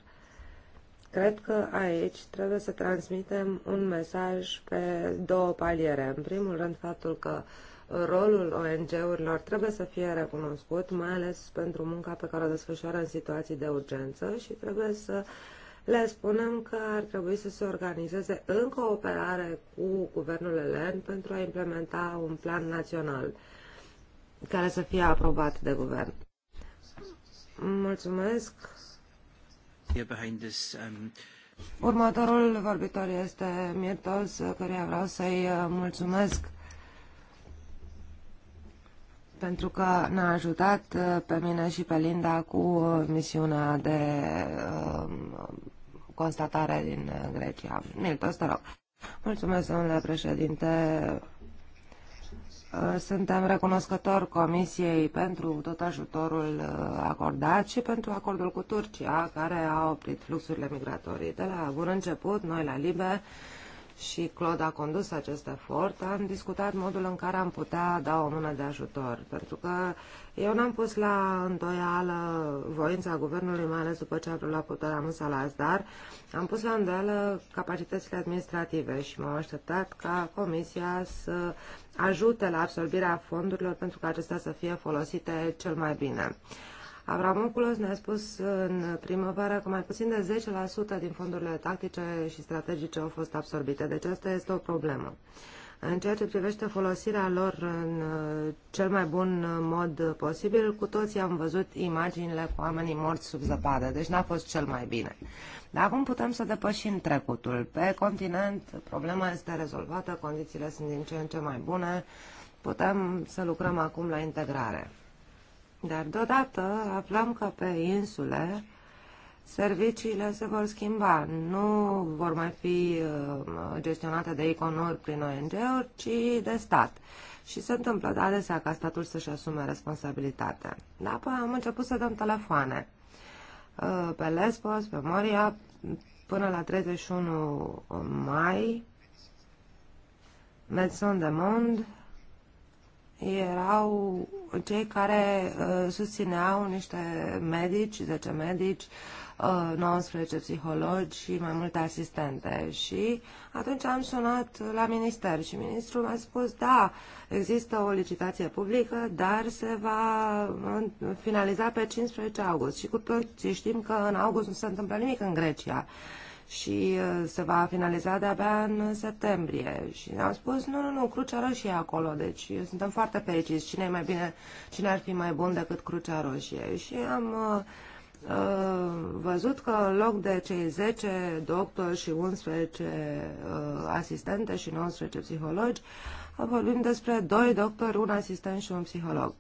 cred că aici trebuie să transmitem un mesaj pe două paliere. În primul rând, faptul că rolul ONG-urilor trebuie să fie recunoscut, mai ales pentru munca pe care o desfășoară în situații de urgență și trebuie să uh, le spunem că ar trebui să se organizeze în cooperare cu guvernul elen pentru a implementa un plan național care să fie aprobat de guvern. Mulțumesc. Um, Următorul vorbitor este Mirtos, căruia vreau să-i uh, mulțumesc pentru că ne-a ajutat uh, pe mine și pe Linda cu uh, misiunea de constatare din uh, Grecia. Miltos, te rog. Mulțumesc, domnule președinte. Uh, suntem recunoscători Comisiei pentru tot ajutorul uh, acordat și pentru acordul cu Turcia, care a oprit fluxurile migratorii. De la bun început, noi la Libe și Claude a condus acest efort, am discutat modul în care am putea da o mână de ajutor, pentru că eu n-am pus la îndoială voința guvernului, mai ales după ce a luat puterea Musa la dar am pus la îndoială capacitățile administrative și m-am așteptat ca Comisia să ajute la absorbirea fondurilor pentru ca acestea să fie folosite cel mai bine. Uh, Avramopoulos ne-a spus în primăvară că mai puțin de 10% din fondurile tactice și strategice au fost absorbite, deci asta este o problemă. În ceea ce privește folosirea lor în uh, cel mai bun mod posibil, cu toții am văzut imaginile cu oamenii morți sub zăpadă, deci n-a fost cel mai bine. Dar acum putem să depășim trecutul. Pe continent problema este rezolvată, condițiile sunt din ce în ce mai bune, putem să lucrăm acum la integrare. Dar deodată aflăm că pe insule serviciile se vor schimba. Nu vor mai fi uh, gestionate de iconuri prin ONG-uri, ci de stat. Și se întâmplă adesea ca statul să-și asume responsabilitatea. Da, apoi am început să dăm telefoane uh, pe Lesbos, pe Moria, până la 31 mai, Medson de Mond, erau cei care uh, susțineau niște medici, 10 medici, uh, 19 psihologi și mai multe asistente. Și atunci am sunat la minister și ministrul mi-a spus, da, există o licitație publică, dar se va finaliza pe 15 august. Și cu toții știm că în august nu se întâmplă nimic în Grecia și uh, se va finaliza de-abia în septembrie. Și ne-au spus, nu, nu, nu, Crucea Roșie e acolo, deci suntem foarte fericiți, cine, mai bine, cine ar fi mai bun decât Crucea Roșie. Și am uh, uh, văzut că în loc de cei 10 doctori și 11 asistente și 19 psihologi, vorbim despre doi doctori, un asistent și un psiholog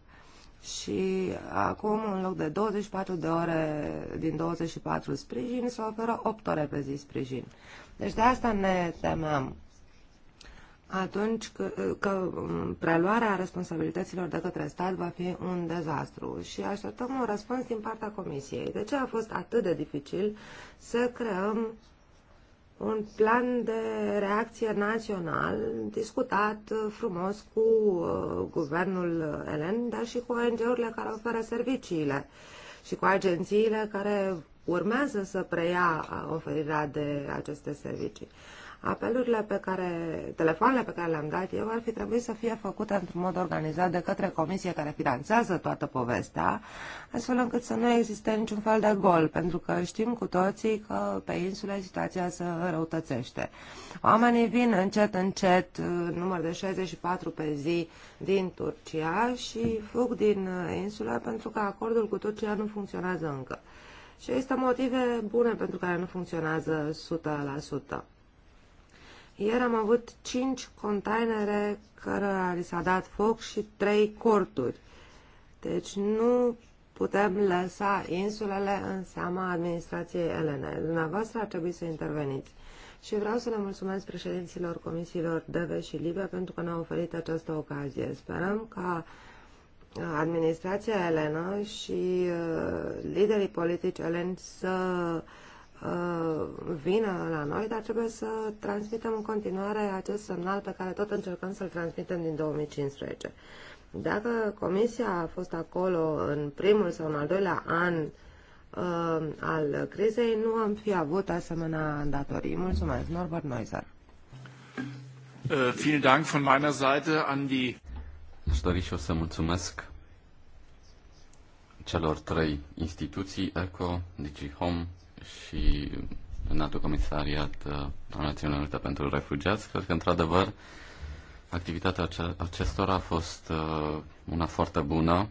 și acum, în loc de 24 de ore din 24 sprijin, se oferă 8 ore pe zi sprijin. Deci de asta ne temeam atunci că, că preluarea responsabilităților de către stat va fi un dezastru și așteptăm un răspuns din partea Comisiei. De ce a fost atât de dificil să creăm un plan de reacție național discutat uh, frumos cu uh, guvernul elen, dar și cu ONG-urile care oferă serviciile și cu agențiile care urmează să preia uh, oferirea de aceste servicii. Apelurile pe care, telefoanele pe care le-am dat eu ar fi trebuit să fie făcute într-un mod organizat de către comisie care finanțează toată povestea, astfel încât să nu existe niciun fel de gol, pentru că știm cu toții că pe insule situația se răutățește. Oamenii vin încet, încet, număr de 64 pe zi din Turcia și fug din insulă pentru că acordul cu Turcia nu funcționează încă. Și există motive bune pentru care nu funcționează 100%. Ieri am avut 5 containere care li s-a dat foc și 3 corturi. Deci nu putem lăsa insulele în seama administrației elene. Dumneavoastră ar trebui să interveniți. Și vreau să le mulțumesc președinților comisiilor DEVE și LIBE pentru că ne-au oferit această ocazie. Sperăm ca uh, administrația elena și uh, liderii politici eleni să Uh, vină la noi, dar trebuie să transmitem în continuare acest semnal pe care tot încercăm să-l transmitem din 2015. Dacă Comisia a fost acolo în primul sau în al doilea an uh, al crizei, nu am fi avut asemenea datorii. Mulțumesc, Norbert Neuser. Uh, vielen Dank von meiner Seite an die... Aș dori și eu să mulțumesc celor trei instituții, ECO, DigiHome și Înaltul Comisariat uh, al Națiunilor pentru Refugiați, cred că, într-adevăr, activitatea acestora a fost uh, una foarte bună.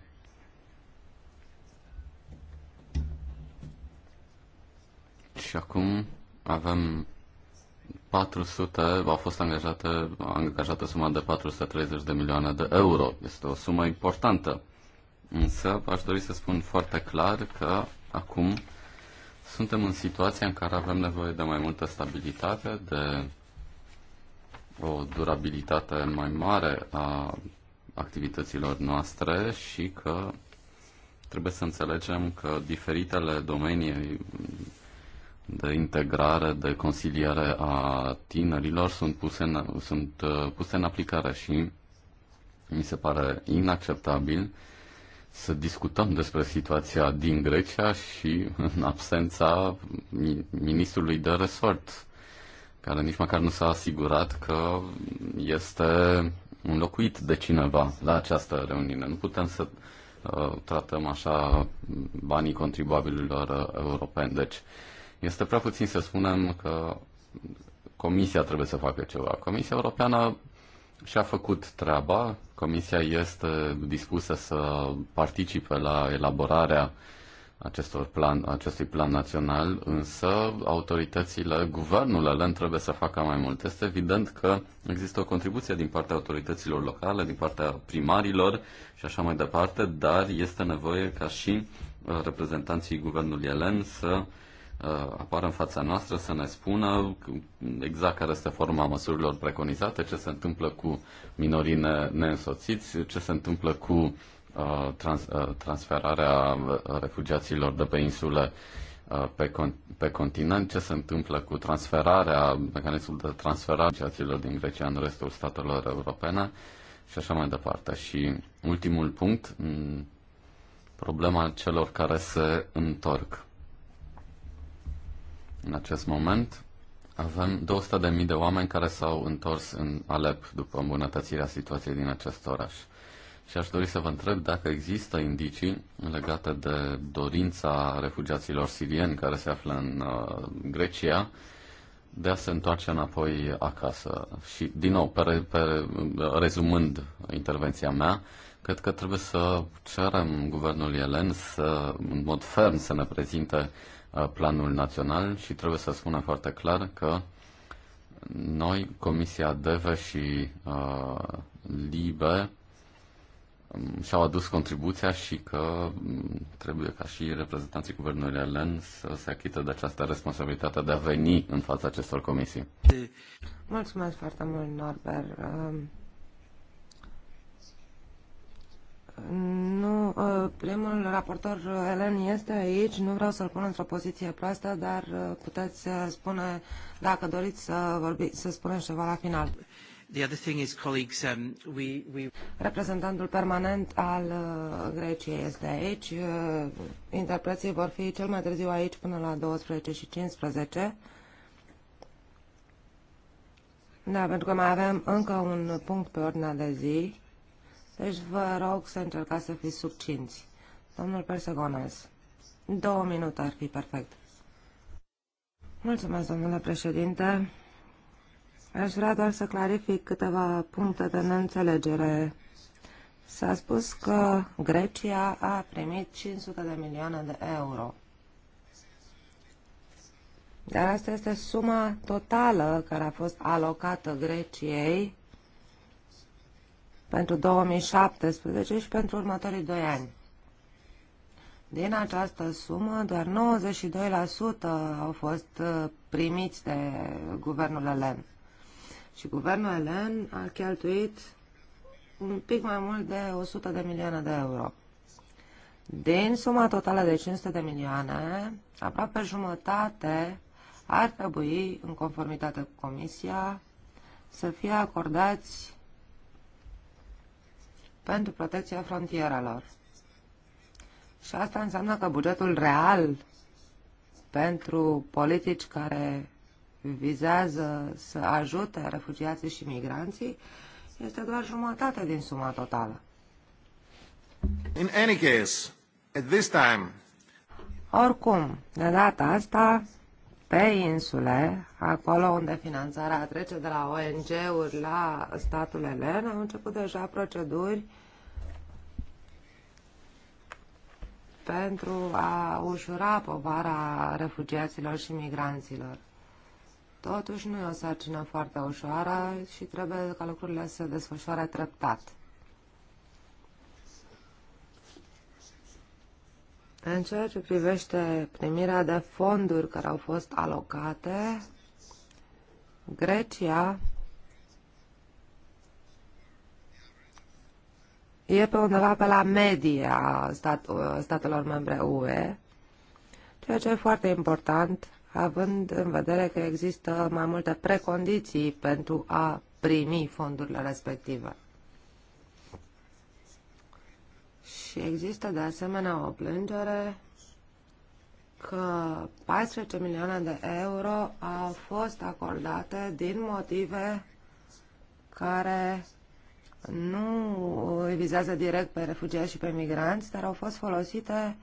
Și acum avem 400, au fost angajate, angajată suma de 430 de milioane de euro. Este o sumă importantă. Însă aș dori să spun foarte clar că acum suntem în situația în care avem nevoie de mai multă stabilitate, de o durabilitate mai mare a activităților noastre și că trebuie să înțelegem că diferitele domenii de integrare, de consiliere a tinerilor sunt puse în, sunt uh, puse în aplicare și mi se pare inacceptabil uh, să discutăm despre situația din Grecia și în absența ministrului de resort, care nici măcar nu s-a asigurat că este înlocuit de cineva la această reuniune. Nu putem să uh, tratăm așa banii contribuabililor uh, europeni. Deci este prea puțin să spunem că Comisia trebuie să facă ceva. Comisia Europeană și-a făcut treaba. Comisia este dispusă să participe la elaborarea acestor plan, acestui plan național, însă autoritățile, guvernul le trebuie să facă mai mult. Este evident că există o contribuție din partea autorităților locale, din partea primarilor și așa mai departe, dar este nevoie ca și uh, reprezentanții guvernului elen să Uh, apar în fața noastră să ne spună exact care este forma măsurilor preconizate, ce se întâmplă cu minorii neînsoțiți, ce se întâmplă cu uh, trans- uh, transferarea refugiaților de pe insule pe, con- pe continent, ce se întâmplă cu transferarea, mecanismul de transferare a refugiaților din Grecia în restul statelor europene și așa mai departe. Și ultimul punct, problema celor care se întorc în acest moment avem 200.000 de oameni care s-au întors în Alep după îmbunătățirea situației din acest oraș. Și aș dori să vă întreb dacă există indicii legate de dorința refugiaților sirieni care se află în uh, Grecia de a se întoarce înapoi acasă. Și, din nou, pe, pe, uh, rezumând intervenția mea, uh, Cred că trebuie să cerem guvernul elen să, în mod ferm, să ne prezinte uh, planul național și trebuie să spună foarte clar că noi, Comisia DEVE și uh, LIBE, um, și-au adus contribuția și că um, trebuie ca și reprezentanții guvernului elen să se achită de această responsabilitate de a veni în fața acestor comisii. Mulțumesc foarte mult, Norbert. Um, Nu, uh, primul raportor uh, Elen este aici, nu vreau să-l pun într-o poziție proastă, dar uh, puteți spune, dacă doriți să, vorbi, să spuneți ceva la final. The other thing is, colleagues, um, we, we... Reprezentantul permanent al Greciei este aici. Interpreții vor fi cel mai târziu aici până la 12 și 15. Da, pentru că mai avem încă un punct pe ordinea de zi deci vă rog să încercați să fiți succinți. Domnul Persegonez, două minute ar fi perfect. Mulțumesc, domnule președinte. Aș vrea doar să clarific câteva puncte de neînțelegere. S-a spus că Grecia a primit 500 de milioane de euro. Dar asta este suma totală care a fost alocată Greciei pentru 2017 și pentru următorii 2 ani. Din această sumă, doar 92% au fost uh, primiți de guvernul elen. Și guvernul elen a cheltuit un pic mai mult de 100 de milioane de euro. Din suma totală de 500 de milioane, aproape jumătate ar trebui, în conformitate cu Comisia, să fie acordați pentru protecția frontierelor. Și asta înseamnă că bugetul real pentru politici care vizează să ajute refugiații și migranții este doar jumătate din suma totală. In any case, at this time... Oricum, de data asta, pe insule, acolo unde finanțarea trece de la ONG-uri la statul elen, au început deja proceduri pentru a ușura povara refugiaților și migranților. Totuși nu e o sarcină foarte ușoară și trebuie ca lucrurile să se desfășoare treptat. În ceea ce privește primirea de fonduri care au fost alocate, Grecia e pe undeva pe la media stat, uh, statelor membre UE, ceea ce e foarte important, având în vedere că există mai multe precondiții pentru a primi fondurile respective. Și există de asemenea o plângere că 14 milioane de euro au fost acordate din motive care nu îi vizează direct pe refugiați și pe migranți, dar au fost folosite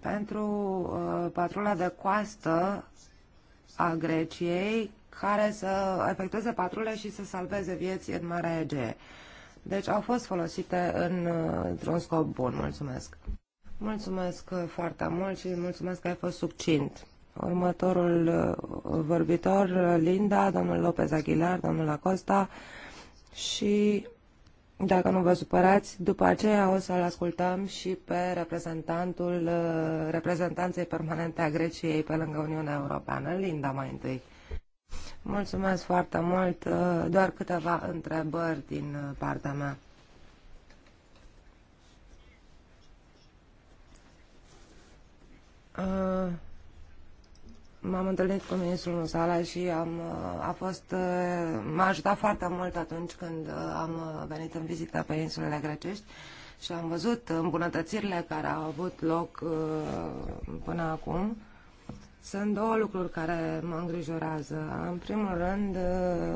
pentru uh, patrula de coastă a Greciei, care să efectueze patrule și să salveze vieți în Marea Egee. Deci au fost folosite în, uh, într-un scop bun. Mulțumesc! Mulțumesc uh, foarte mult și mulțumesc că ai fost succint. Următorul uh, vorbitor, Linda, domnul Lopez Aguilar, domnul Acosta și, dacă nu vă supărați, după aceea o să-l ascultăm și pe reprezentantul reprezentanței permanente a Greciei pe lângă Uniunea Europeană. Linda, mai întâi. Mulțumesc foarte mult. Uh, doar câteva întrebări din uh, partea mea. Uh, m-am întâlnit cu ministrul Nusala și am, a fost, m-a ajutat foarte mult atunci când am venit în vizită pe insulele grecești și am văzut îmbunătățirile care au avut loc până acum sunt două lucruri care mă îngrijorează. În primul rând,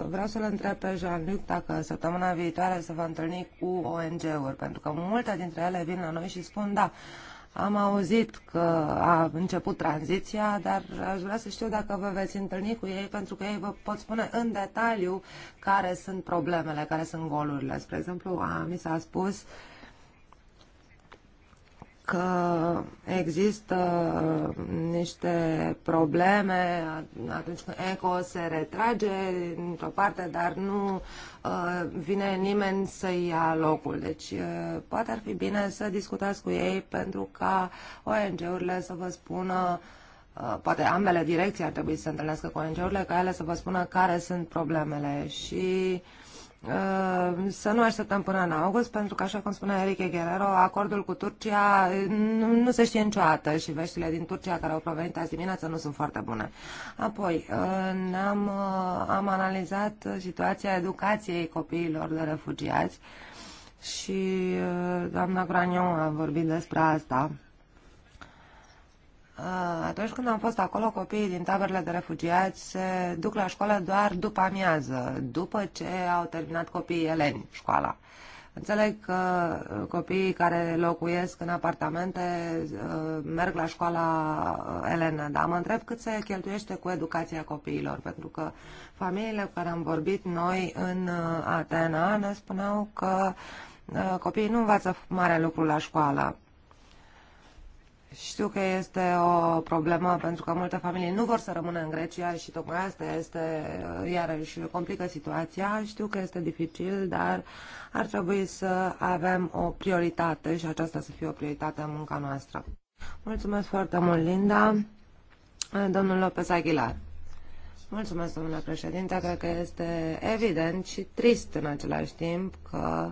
vreau să-l întreb pe Jean-Luc dacă săptămâna viitoare se va întâlni cu ONG-uri, pentru că multe dintre ele vin la noi și spun, da, am auzit că a început tranziția, dar aș vrea să știu dacă vă veți întâlni cu ei, pentru că ei vă pot spune în detaliu care sunt problemele, care sunt golurile. Spre exemplu, a, mi s-a spus uh, că există niște probleme atunci când ECO se retrage într-o parte, dar nu uh, vine nimeni să ia locul. Deci uh, poate ar fi bine să discutați cu ei pentru ca ONG-urile să vă spună uh, poate ambele direcții ar trebui să se întâlnească cu ONG-urile, ca ele să vă spună care sunt problemele și uh, Uh, să nu așteptăm până în august, pentru că, așa cum spunea Enrique Guerrero, acordul cu Turcia uh, nu, nu se știe niciodată și veștile din Turcia care au provenit azi dimineață nu sunt foarte bune. Apoi, uh, am am analizat situația educației copiilor de refugiați și doamna Graniu a vorbit despre asta. Ah, atunci când am fost acolo, copiii din taberele de refugiați se duc la școală doar după amiază, după ce au terminat copiii eleni școala. Înțeleg că uh, copiii care locuiesc în apartamente uh, merg la școala uh, Elena, dar mă întreb cât se cheltuiește cu educația copiilor, pentru că familiile cu care am vorbit noi în Atena ne spuneau că copiii nu învață mare lucru la școală știu că este o problemă pentru că multe familii nu vor să rămână în Grecia și tocmai asta este, iarăși, complică situația. Știu că este dificil, dar ar trebui să avem o prioritate și aceasta să fie o prioritate în munca noastră. Mulțumesc foarte mult, Linda. Domnul Lopez Aguilar. Mulțumesc, domnule președinte. Cred că este evident și trist în același timp că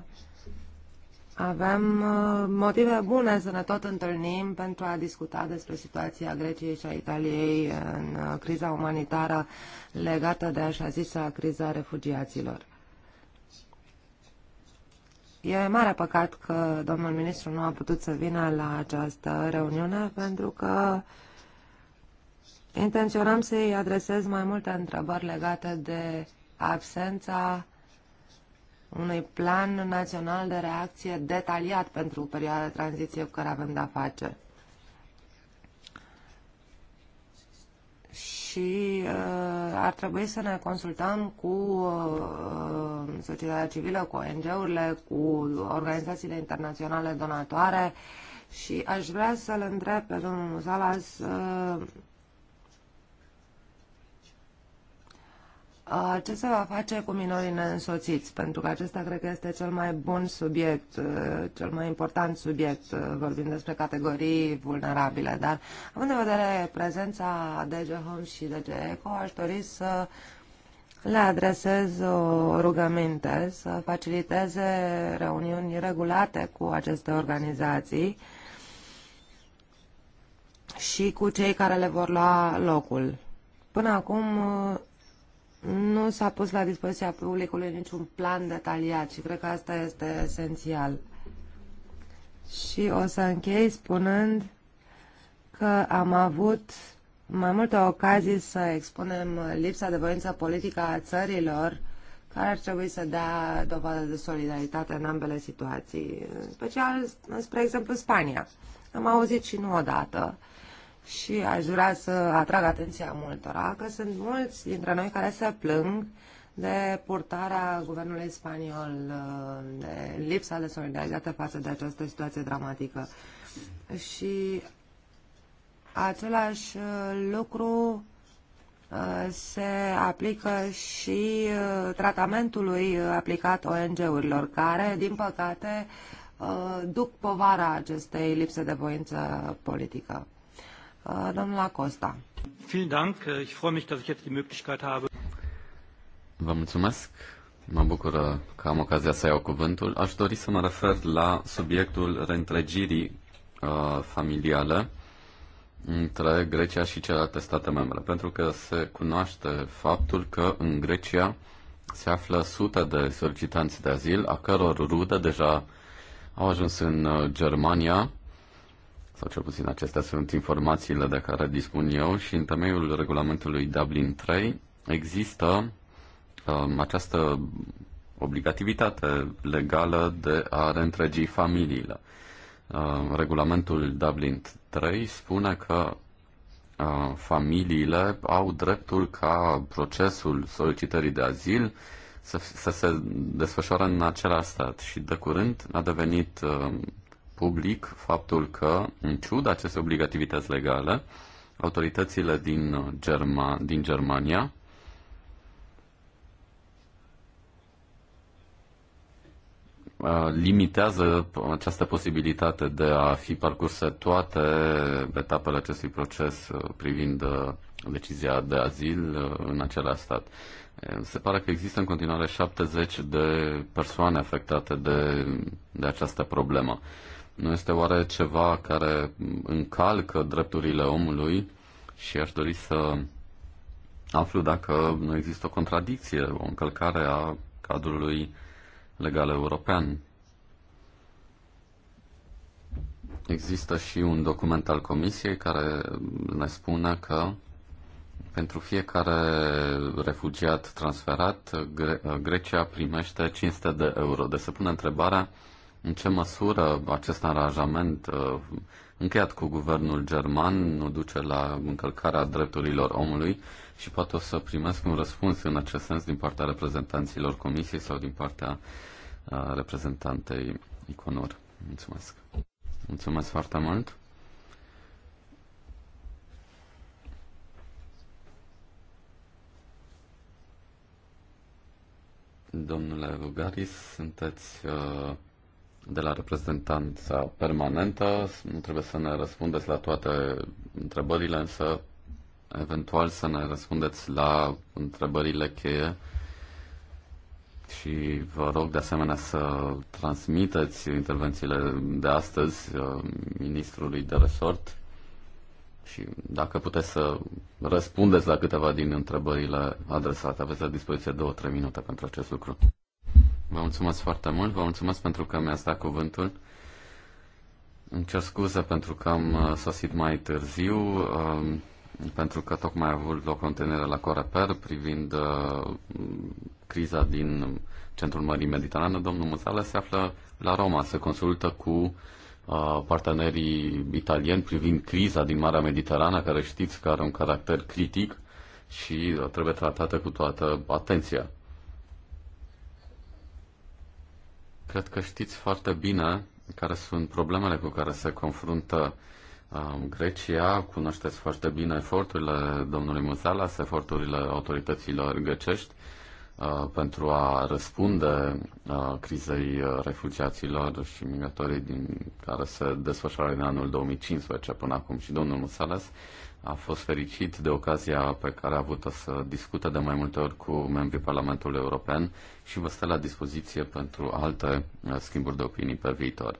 avem uh, motive bune să ne tot întâlnim pentru a discuta despre situația Greciei și a Italiei în uh, criza umanitară legată de așa zisa criza refugiaților. E mare păcat că domnul ministru nu a putut să vină la această reuniune pentru că intenționam să-i adresez mai multe întrebări legate de absența unui plan național de reacție detaliat pentru perioada de tranziție cu care avem de-a face. și uh, ar trebui să ne consultăm cu uh, societatea civilă, cu ONG-urile, cu organizațiile internaționale donatoare și aș vrea să-l întreb pe domnul Salas uh, Uh, ce se va face cu minorii neînsoțiți? Pentru că acesta cred că este cel mai bun subiect, uh, cel mai important subiect, uh, vorbim despre categorii vulnerabile, dar având în vedere prezența DG Home și DG Eco, aș dori să le adresez o rugăminte să faciliteze reuniuni regulate cu aceste organizații și cu cei care le vor lua locul. Până acum nu s-a pus la dispoziția publicului niciun plan detaliat și cred că asta este esențial. Și o să închei spunând că am avut mai multe ocazii să expunem lipsa de voință politică a țărilor care ar trebui să dea dovadă de solidaritate în ambele situații, în special, spre exemplu, Spania. Am auzit și nu odată uh, și aș vrea să atrag atenția multora că sunt mulți dintre noi care se plâng de purtarea guvernului spaniol, uh, de lipsa de solidaritate față de această situație dramatică. Și același uh, lucru uh, se aplică și tratamentului aplicat ONG-urilor, care, din păcate, duc povara acestei lipse de voință politică. Uh, domnul Acosta. Vă mulțumesc. Mă bucur că am ocazia să iau cuvântul. Aș dori să mă refer la subiectul reîntregirii uh, familiale între Grecia și celelalte state membre, pentru că se cunoaște faptul că în Grecia se află sute de solicitanți de azil, a căror rude deja au ajuns în uh, Germania sau cel puțin acestea sunt informațiile de care dispun eu, și în temeiul regulamentului Dublin 3 există um, această obligativitate legală de a reîntregi familiile. Uh, regulamentul Dublin 3 spune că uh, familiile au dreptul ca procesul solicitării de azil să, să se desfășoare în același stat și de curând a devenit uh, public faptul că, în ciuda acestei obligativități legale, autoritățile din, uh, Germa, din Germania limitează această posibilitate de a fi parcurse toate etapele acestui proces uh, privind uh, decizia de azil în același stat. Se pare că există în continuare 70 de persoane afectate de, de această problemă. Nu este oare ceva care încalcă drepturile omului? Și aș dori să aflu dacă nu există o contradicție, o încălcare a cadrului legal european. Există și un document al Comisiei care ne spune că pentru fiecare refugiat transferat, Gre- Grecia primește 500 de euro. De deci se pune întrebarea în ce măsură acest aranjament uh, încheiat cu guvernul german nu duce la încălcarea drepturilor omului și poate o să primesc un răspuns în acest sens din partea reprezentanților comisiei sau din partea uh, reprezentantei Iconor. Mulțumesc. Mulțumesc foarte mult. Domnule Rugaris, sunteți uh, de la reprezentanța permanentă. Nu trebuie să ne răspundeți la toate întrebările, însă eventual să ne răspundeți la întrebările cheie și vă rog de asemenea să transmiteți intervențiile de astăzi uh, ministrului de resort și dacă puteți să răspundeți la câteva din întrebările adresate. Aveți la dispoziție 2-3 minute pentru acest lucru. Vă mulțumesc foarte mult, vă mulțumesc pentru că mi-ați dat cuvântul. Îmi cer scuze pentru că am uh, sosit mai târziu, um, pentru că tocmai a avut loc o întâlnire la Coreper privind uh, criza din centrul Mării Mediterane. Domnul Muzale se află la Roma, se consultă cu uh, partenerii italieni privind criza din Marea Mediterană, care știți că are un caracter critic și trebuie tratată cu toată atenția. Cred că știți foarte bine care sunt problemele cu care se confruntă um, Grecia. Cunoașteți foarte bine eforturile domnului Muzalas, eforturile autorităților grecești uh, pentru a răspunde uh, crizei refugiaților și migratorii din care se desfășoară din anul 2015 până acum și domnul Musales a fost fericit de ocazia pe care a avut-o să discute de mai multe ori cu membrii Parlamentului European și vă stă la dispoziție pentru alte uh, schimburi de opinii pe viitor.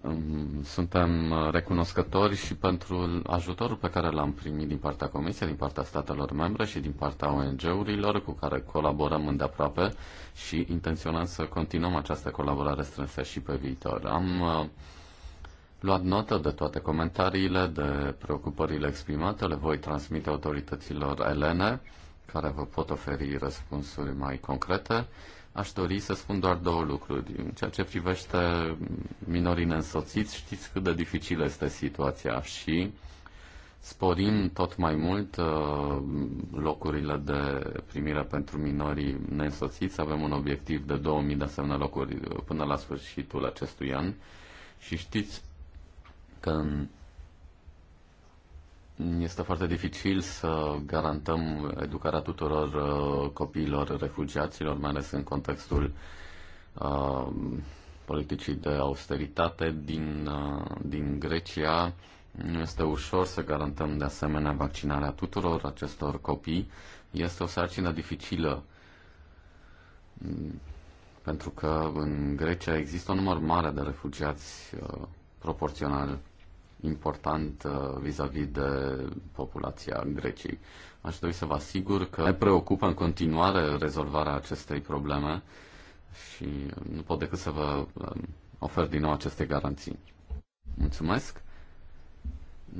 Um, suntem uh, recunoscători și pentru ajutorul pe care l-am primit din partea Comisiei, din partea statelor membre și din partea ONG-urilor cu care colaborăm îndeaproape și intenționăm să continuăm această colaborare strânsă și pe viitor. Am uh, luat notă de toate comentariile, de preocupările exprimate, le voi transmite autorităților elene, care vă pot oferi răspunsuri mai concrete. Aș dori să spun doar două lucruri. În ceea ce privește minorii însoțiți, știți cât de dificilă este situația și sporim tot mai mult uh, locurile de primire pentru minorii neînsoțiți. Avem un obiectiv de 2000 de asemenea locuri până la sfârșitul acestui an. Și știți că este foarte dificil să garantăm educarea tuturor uh, copiilor refugiaților, mai ales în contextul uh, politicii de austeritate din, uh, din Grecia. Nu este ușor să garantăm de asemenea vaccinarea tuturor acestor copii. Este o sarcină dificilă mm, pentru că în Grecia există un număr mare de refugiați uh, proporțional important uh, vis-a-vis -vis de populația Greciei. Aș dori să vă asigur că ne preocupă în continuare rezolvarea acestei probleme și nu pot decât să vă um, ofer din nou aceste garanții. Mulțumesc!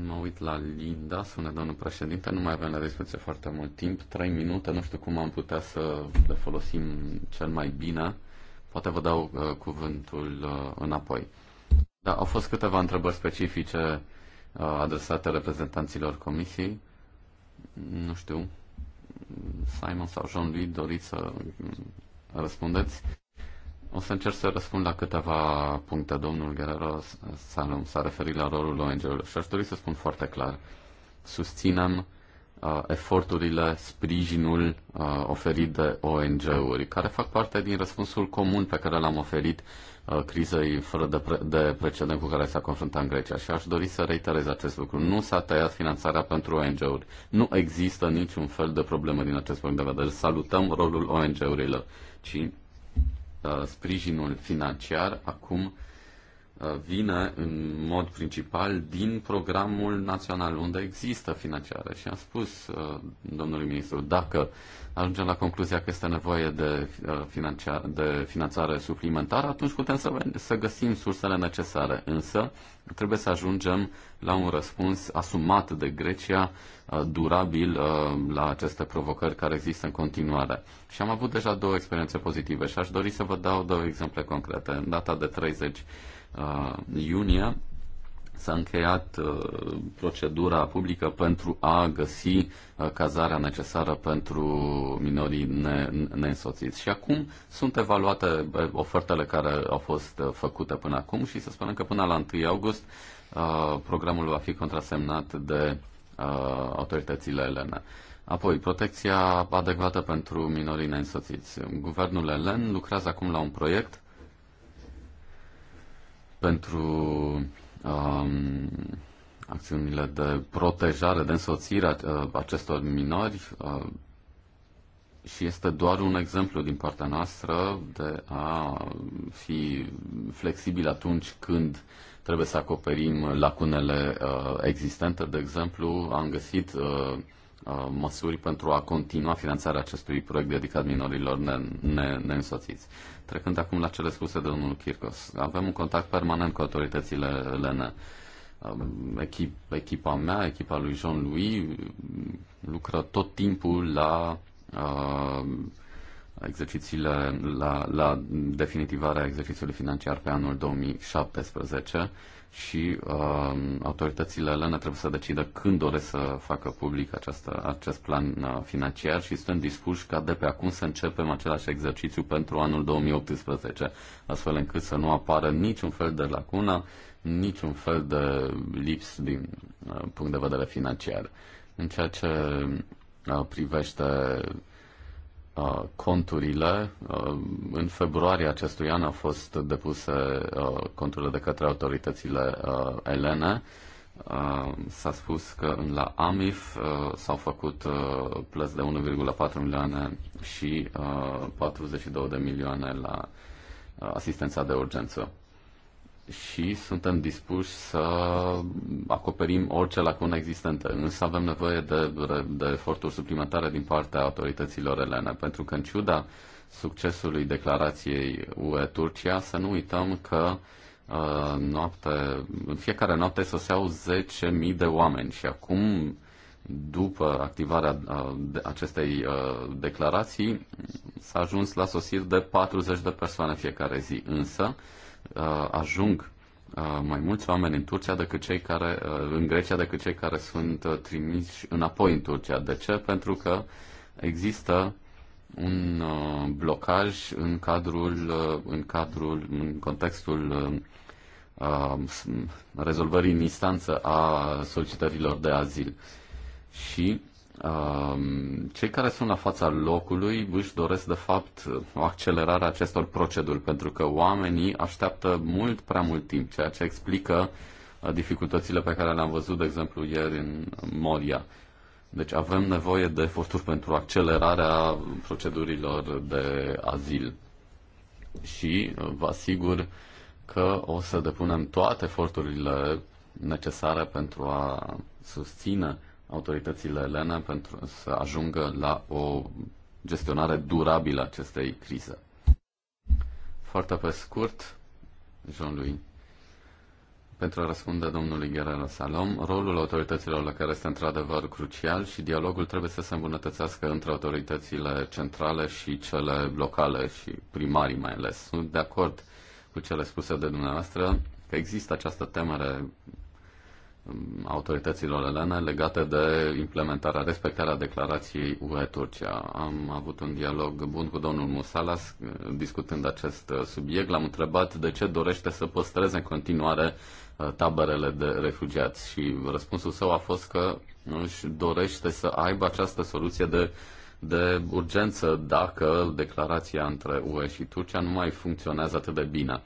Mă uit la Linda, sună domnul președinte, nu mai avem la dispoziție foarte mult timp, 3 minute, nu știu cum am putea să le folosim cel mai bine. Poate vă dau uh, cuvântul uh, înapoi. Da, au fost câteva întrebări specifice uh, adresate reprezentanților comisiei. Nu știu, Simon sau Jean-Louis, doriți să mm, răspundeți? O să încerc să răspund la câteva puncte. Domnul Guerrero Salom s-a referit la rolul ong ului și aș dori să spun foarte clar. Susținem eforturile, sprijinul oferit de ONG-uri, care fac parte din răspunsul comun pe care l-am oferit crizei fără de, pre- de precedent cu care s-a confruntat în Grecia. Și aș dori să reiterez acest lucru. Nu s-a tăiat finanțarea pentru ONG-uri. Nu există niciun fel de problemă din acest punct de vedere. Salutăm rolul ONG-urilor, ci uh, sprijinul financiar acum Uh, vine în mod principal din programul național unde există finanțare și am spus uh, domnului ministru dacă ajungem la concluzia că este nevoie de, uh, de finanțare suplimentară, atunci putem să, să găsim sursele necesare. Însă trebuie să ajungem la un răspuns asumat de Grecia, durabil la aceste provocări care există în continuare. Și am avut deja două experiențe pozitive și aș dori să vă dau două exemple concrete. În data de 30 iunie s-a încheiat procedura publică pentru a găsi cazarea necesară pentru minorii ne, neînsoțiți. Și acum sunt evaluate ofertele care au fost făcute până acum și să spunem că până la 1 august programul va fi contrasemnat de autoritățile elene. Apoi, protecția adecvată pentru minorii neînsoțiți. Guvernul elen lucrează acum la un proiect pentru um, acțiunile de protejare, de însoțire a uh, acestor minori uh, și este doar un exemplu din partea noastră de a fi flexibil atunci când trebuie să acoperim lacunele uh, existente. De exemplu, am găsit uh, Uh, măsuri pentru a continua finanțarea acestui proiect dedicat minorilor neînsoțiți. Trecând acum la cele spuse de domnul Kirkos, avem un contact permanent cu autoritățile LN. Um, echip, echipa mea, echipa lui Jean-Louis, um, lucră tot timpul la uh, exercițiile, la, la definitivarea exercițiului financiar pe anul 2017 și uh, autoritățile elene trebuie să decidă când doresc să facă public această, acest plan uh, financiar și suntem dispuși ca de pe acum să începem același exercițiu pentru anul 2018, astfel încât să nu apară niciun fel de lacună, niciun fel de lips din uh, punct de vedere financiar. În ceea ce uh, privește Uh, conturile. Uh, în februarie acestui an au fost depuse uh, conturile de către autoritățile elene. S-a spus că la AMIF s-au făcut plăți de 1,4 milioane și 42 de milioane la asistența de urgență și suntem dispuși să acoperim orice lacună existentă. Însă avem nevoie de, de eforturi suplimentare din partea autorităților elene, pentru că în ciuda succesului declarației UE-Turcia, să nu uităm că uh, noapte, în fiecare noapte soseau 10.000 de oameni și acum după activarea uh, acestei uh, declarații, s-a ajuns la sosiri de 40 de persoane fiecare zi. Însă, Uh, ajung uh, mai mulți oameni în Turcia decât cei care, uh, în Grecia decât cei care sunt trimiși înapoi în Turcia. De ce? Pentru că există un blocaj în cadrul, în cadrul, în contextul rezolvării în instanță a solicitărilor de azil. Și Um, cei care sunt la fața locului își doresc, de fapt, o accelerare a acestor proceduri, pentru că oamenii așteaptă mult prea mult timp, ceea ce explică uh, dificultățile pe care le-am văzut, de exemplu, ieri în Moria. Deci avem nevoie de eforturi pentru accelerarea procedurilor de azil. Și uh, vă asigur că o să depunem toate eforturile necesare pentru a susține autoritățile elene pentru să ajungă la o gestionare durabilă a acestei crize. Foarte pe scurt, Jean-Louis, pentru a răspunde domnului Guerrero Salom, rolul autorităților la care este într-adevăr crucial și dialogul trebuie să se îmbunătățească între autoritățile centrale și cele locale și primarii mai ales. Sunt de acord cu cele spuse de dumneavoastră că există această temere autorităților elene legate de implementarea, respectarea declarației UE-Turcia. Am avut un dialog bun cu domnul Musalas discutând acest uh, subiect. L-am întrebat de ce dorește să păstreze în continuare uh, taberele de refugiați și răspunsul său a fost că își dorește să aibă această soluție de, de urgență dacă declarația între UE și Turcia nu mai funcționează atât de bine.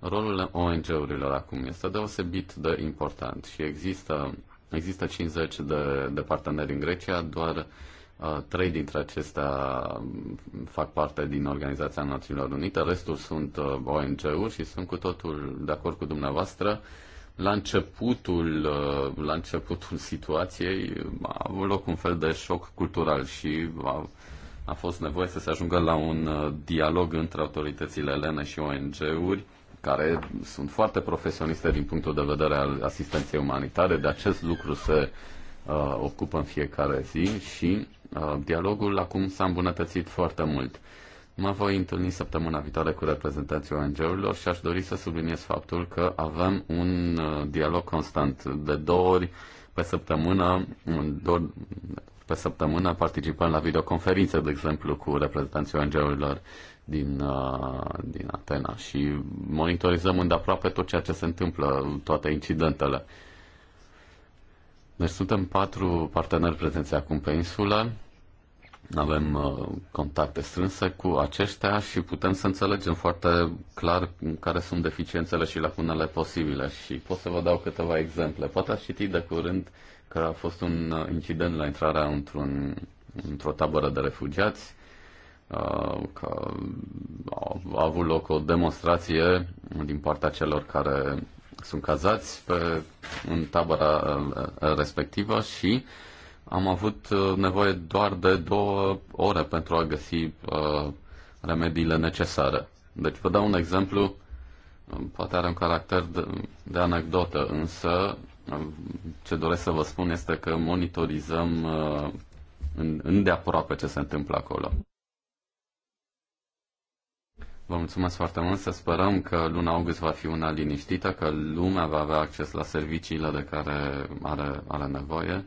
Rolul ONG-urilor acum este deosebit de important și există, există 50 de, de parteneri în Grecia, doar uh, trei dintre acestea fac parte din Organizația Națiunilor Unite, restul sunt uh, ONG-uri și sunt cu totul de acord cu dumneavoastră. La începutul, uh, la începutul situației a avut loc un fel de șoc cultural și a, a fost nevoie să se ajungă la un dialog între autoritățile elene și ONG-uri care sunt foarte profesioniste din punctul de vedere al asistenței umanitare, de acest lucru se uh, ocupă în fiecare zi și uh, dialogul acum s-a îmbunătățit foarte mult. Mă voi întâlni săptămâna viitoare cu reprezentanții ONG-urilor și aș dori să subliniez faptul că avem un uh, dialog constant de două ori pe săptămână, pe săptămână participăm la videoconferințe, de exemplu, cu reprezentanții ONG-urilor din, uh, din Atena și monitorizăm îndeaproape tot ceea ce se întâmplă, toate incidentele. Deci suntem patru parteneri prezenți acum pe insulă, avem uh, contacte strânse cu aceștia și putem să înțelegem foarte clar care sunt deficiențele și lacunele posibile. Și pot să vă dau câteva exemple. Poate ați citit de curând care a fost un uh, incident la intrarea într-un, într-o tabără de refugiați, uh, că a avut loc o demonstrație din partea celor care sunt cazați pe, în tabăra uh, respectivă și am avut nevoie doar de două ore pentru a găsi remediile necesare. Deci vă dau un exemplu, poate are un caracter de, de anecdotă, însă ce doresc să vă spun este că monitorizăm uh, îndeaproape ce se întâmplă acolo. Vă mulțumesc foarte mult, să sperăm că luna august va fi una liniștită, că lumea va avea acces la serviciile de care are, are nevoie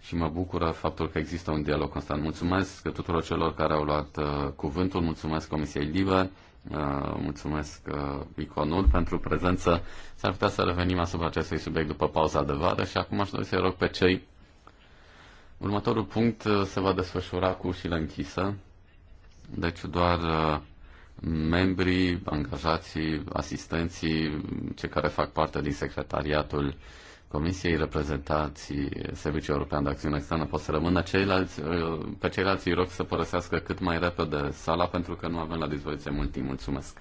și mă bucură faptul că există un dialog constant. Mulțumesc tuturor celor care au luat uh, cuvântul, mulțumesc Comisiei Liber. Uh, mulțumesc uh, iconul pentru prezență. S-ar putea să revenim asupra acestui subiect după pauza de vară și acum aș dori să-i rog pe cei. Următorul punct uh, se va desfășura cu ușile închisă, deci doar membrii, angajații, asistenții, cei care fac parte din secretariatul Comisiei, reprezentații Serviciului European de Acțiune Externă pot să rămână. Ceilalți, uh, pe ceilalți îi rog să părăsească cât mai repede sala pentru că nu avem la dispoziție mult timp. Mulțumesc!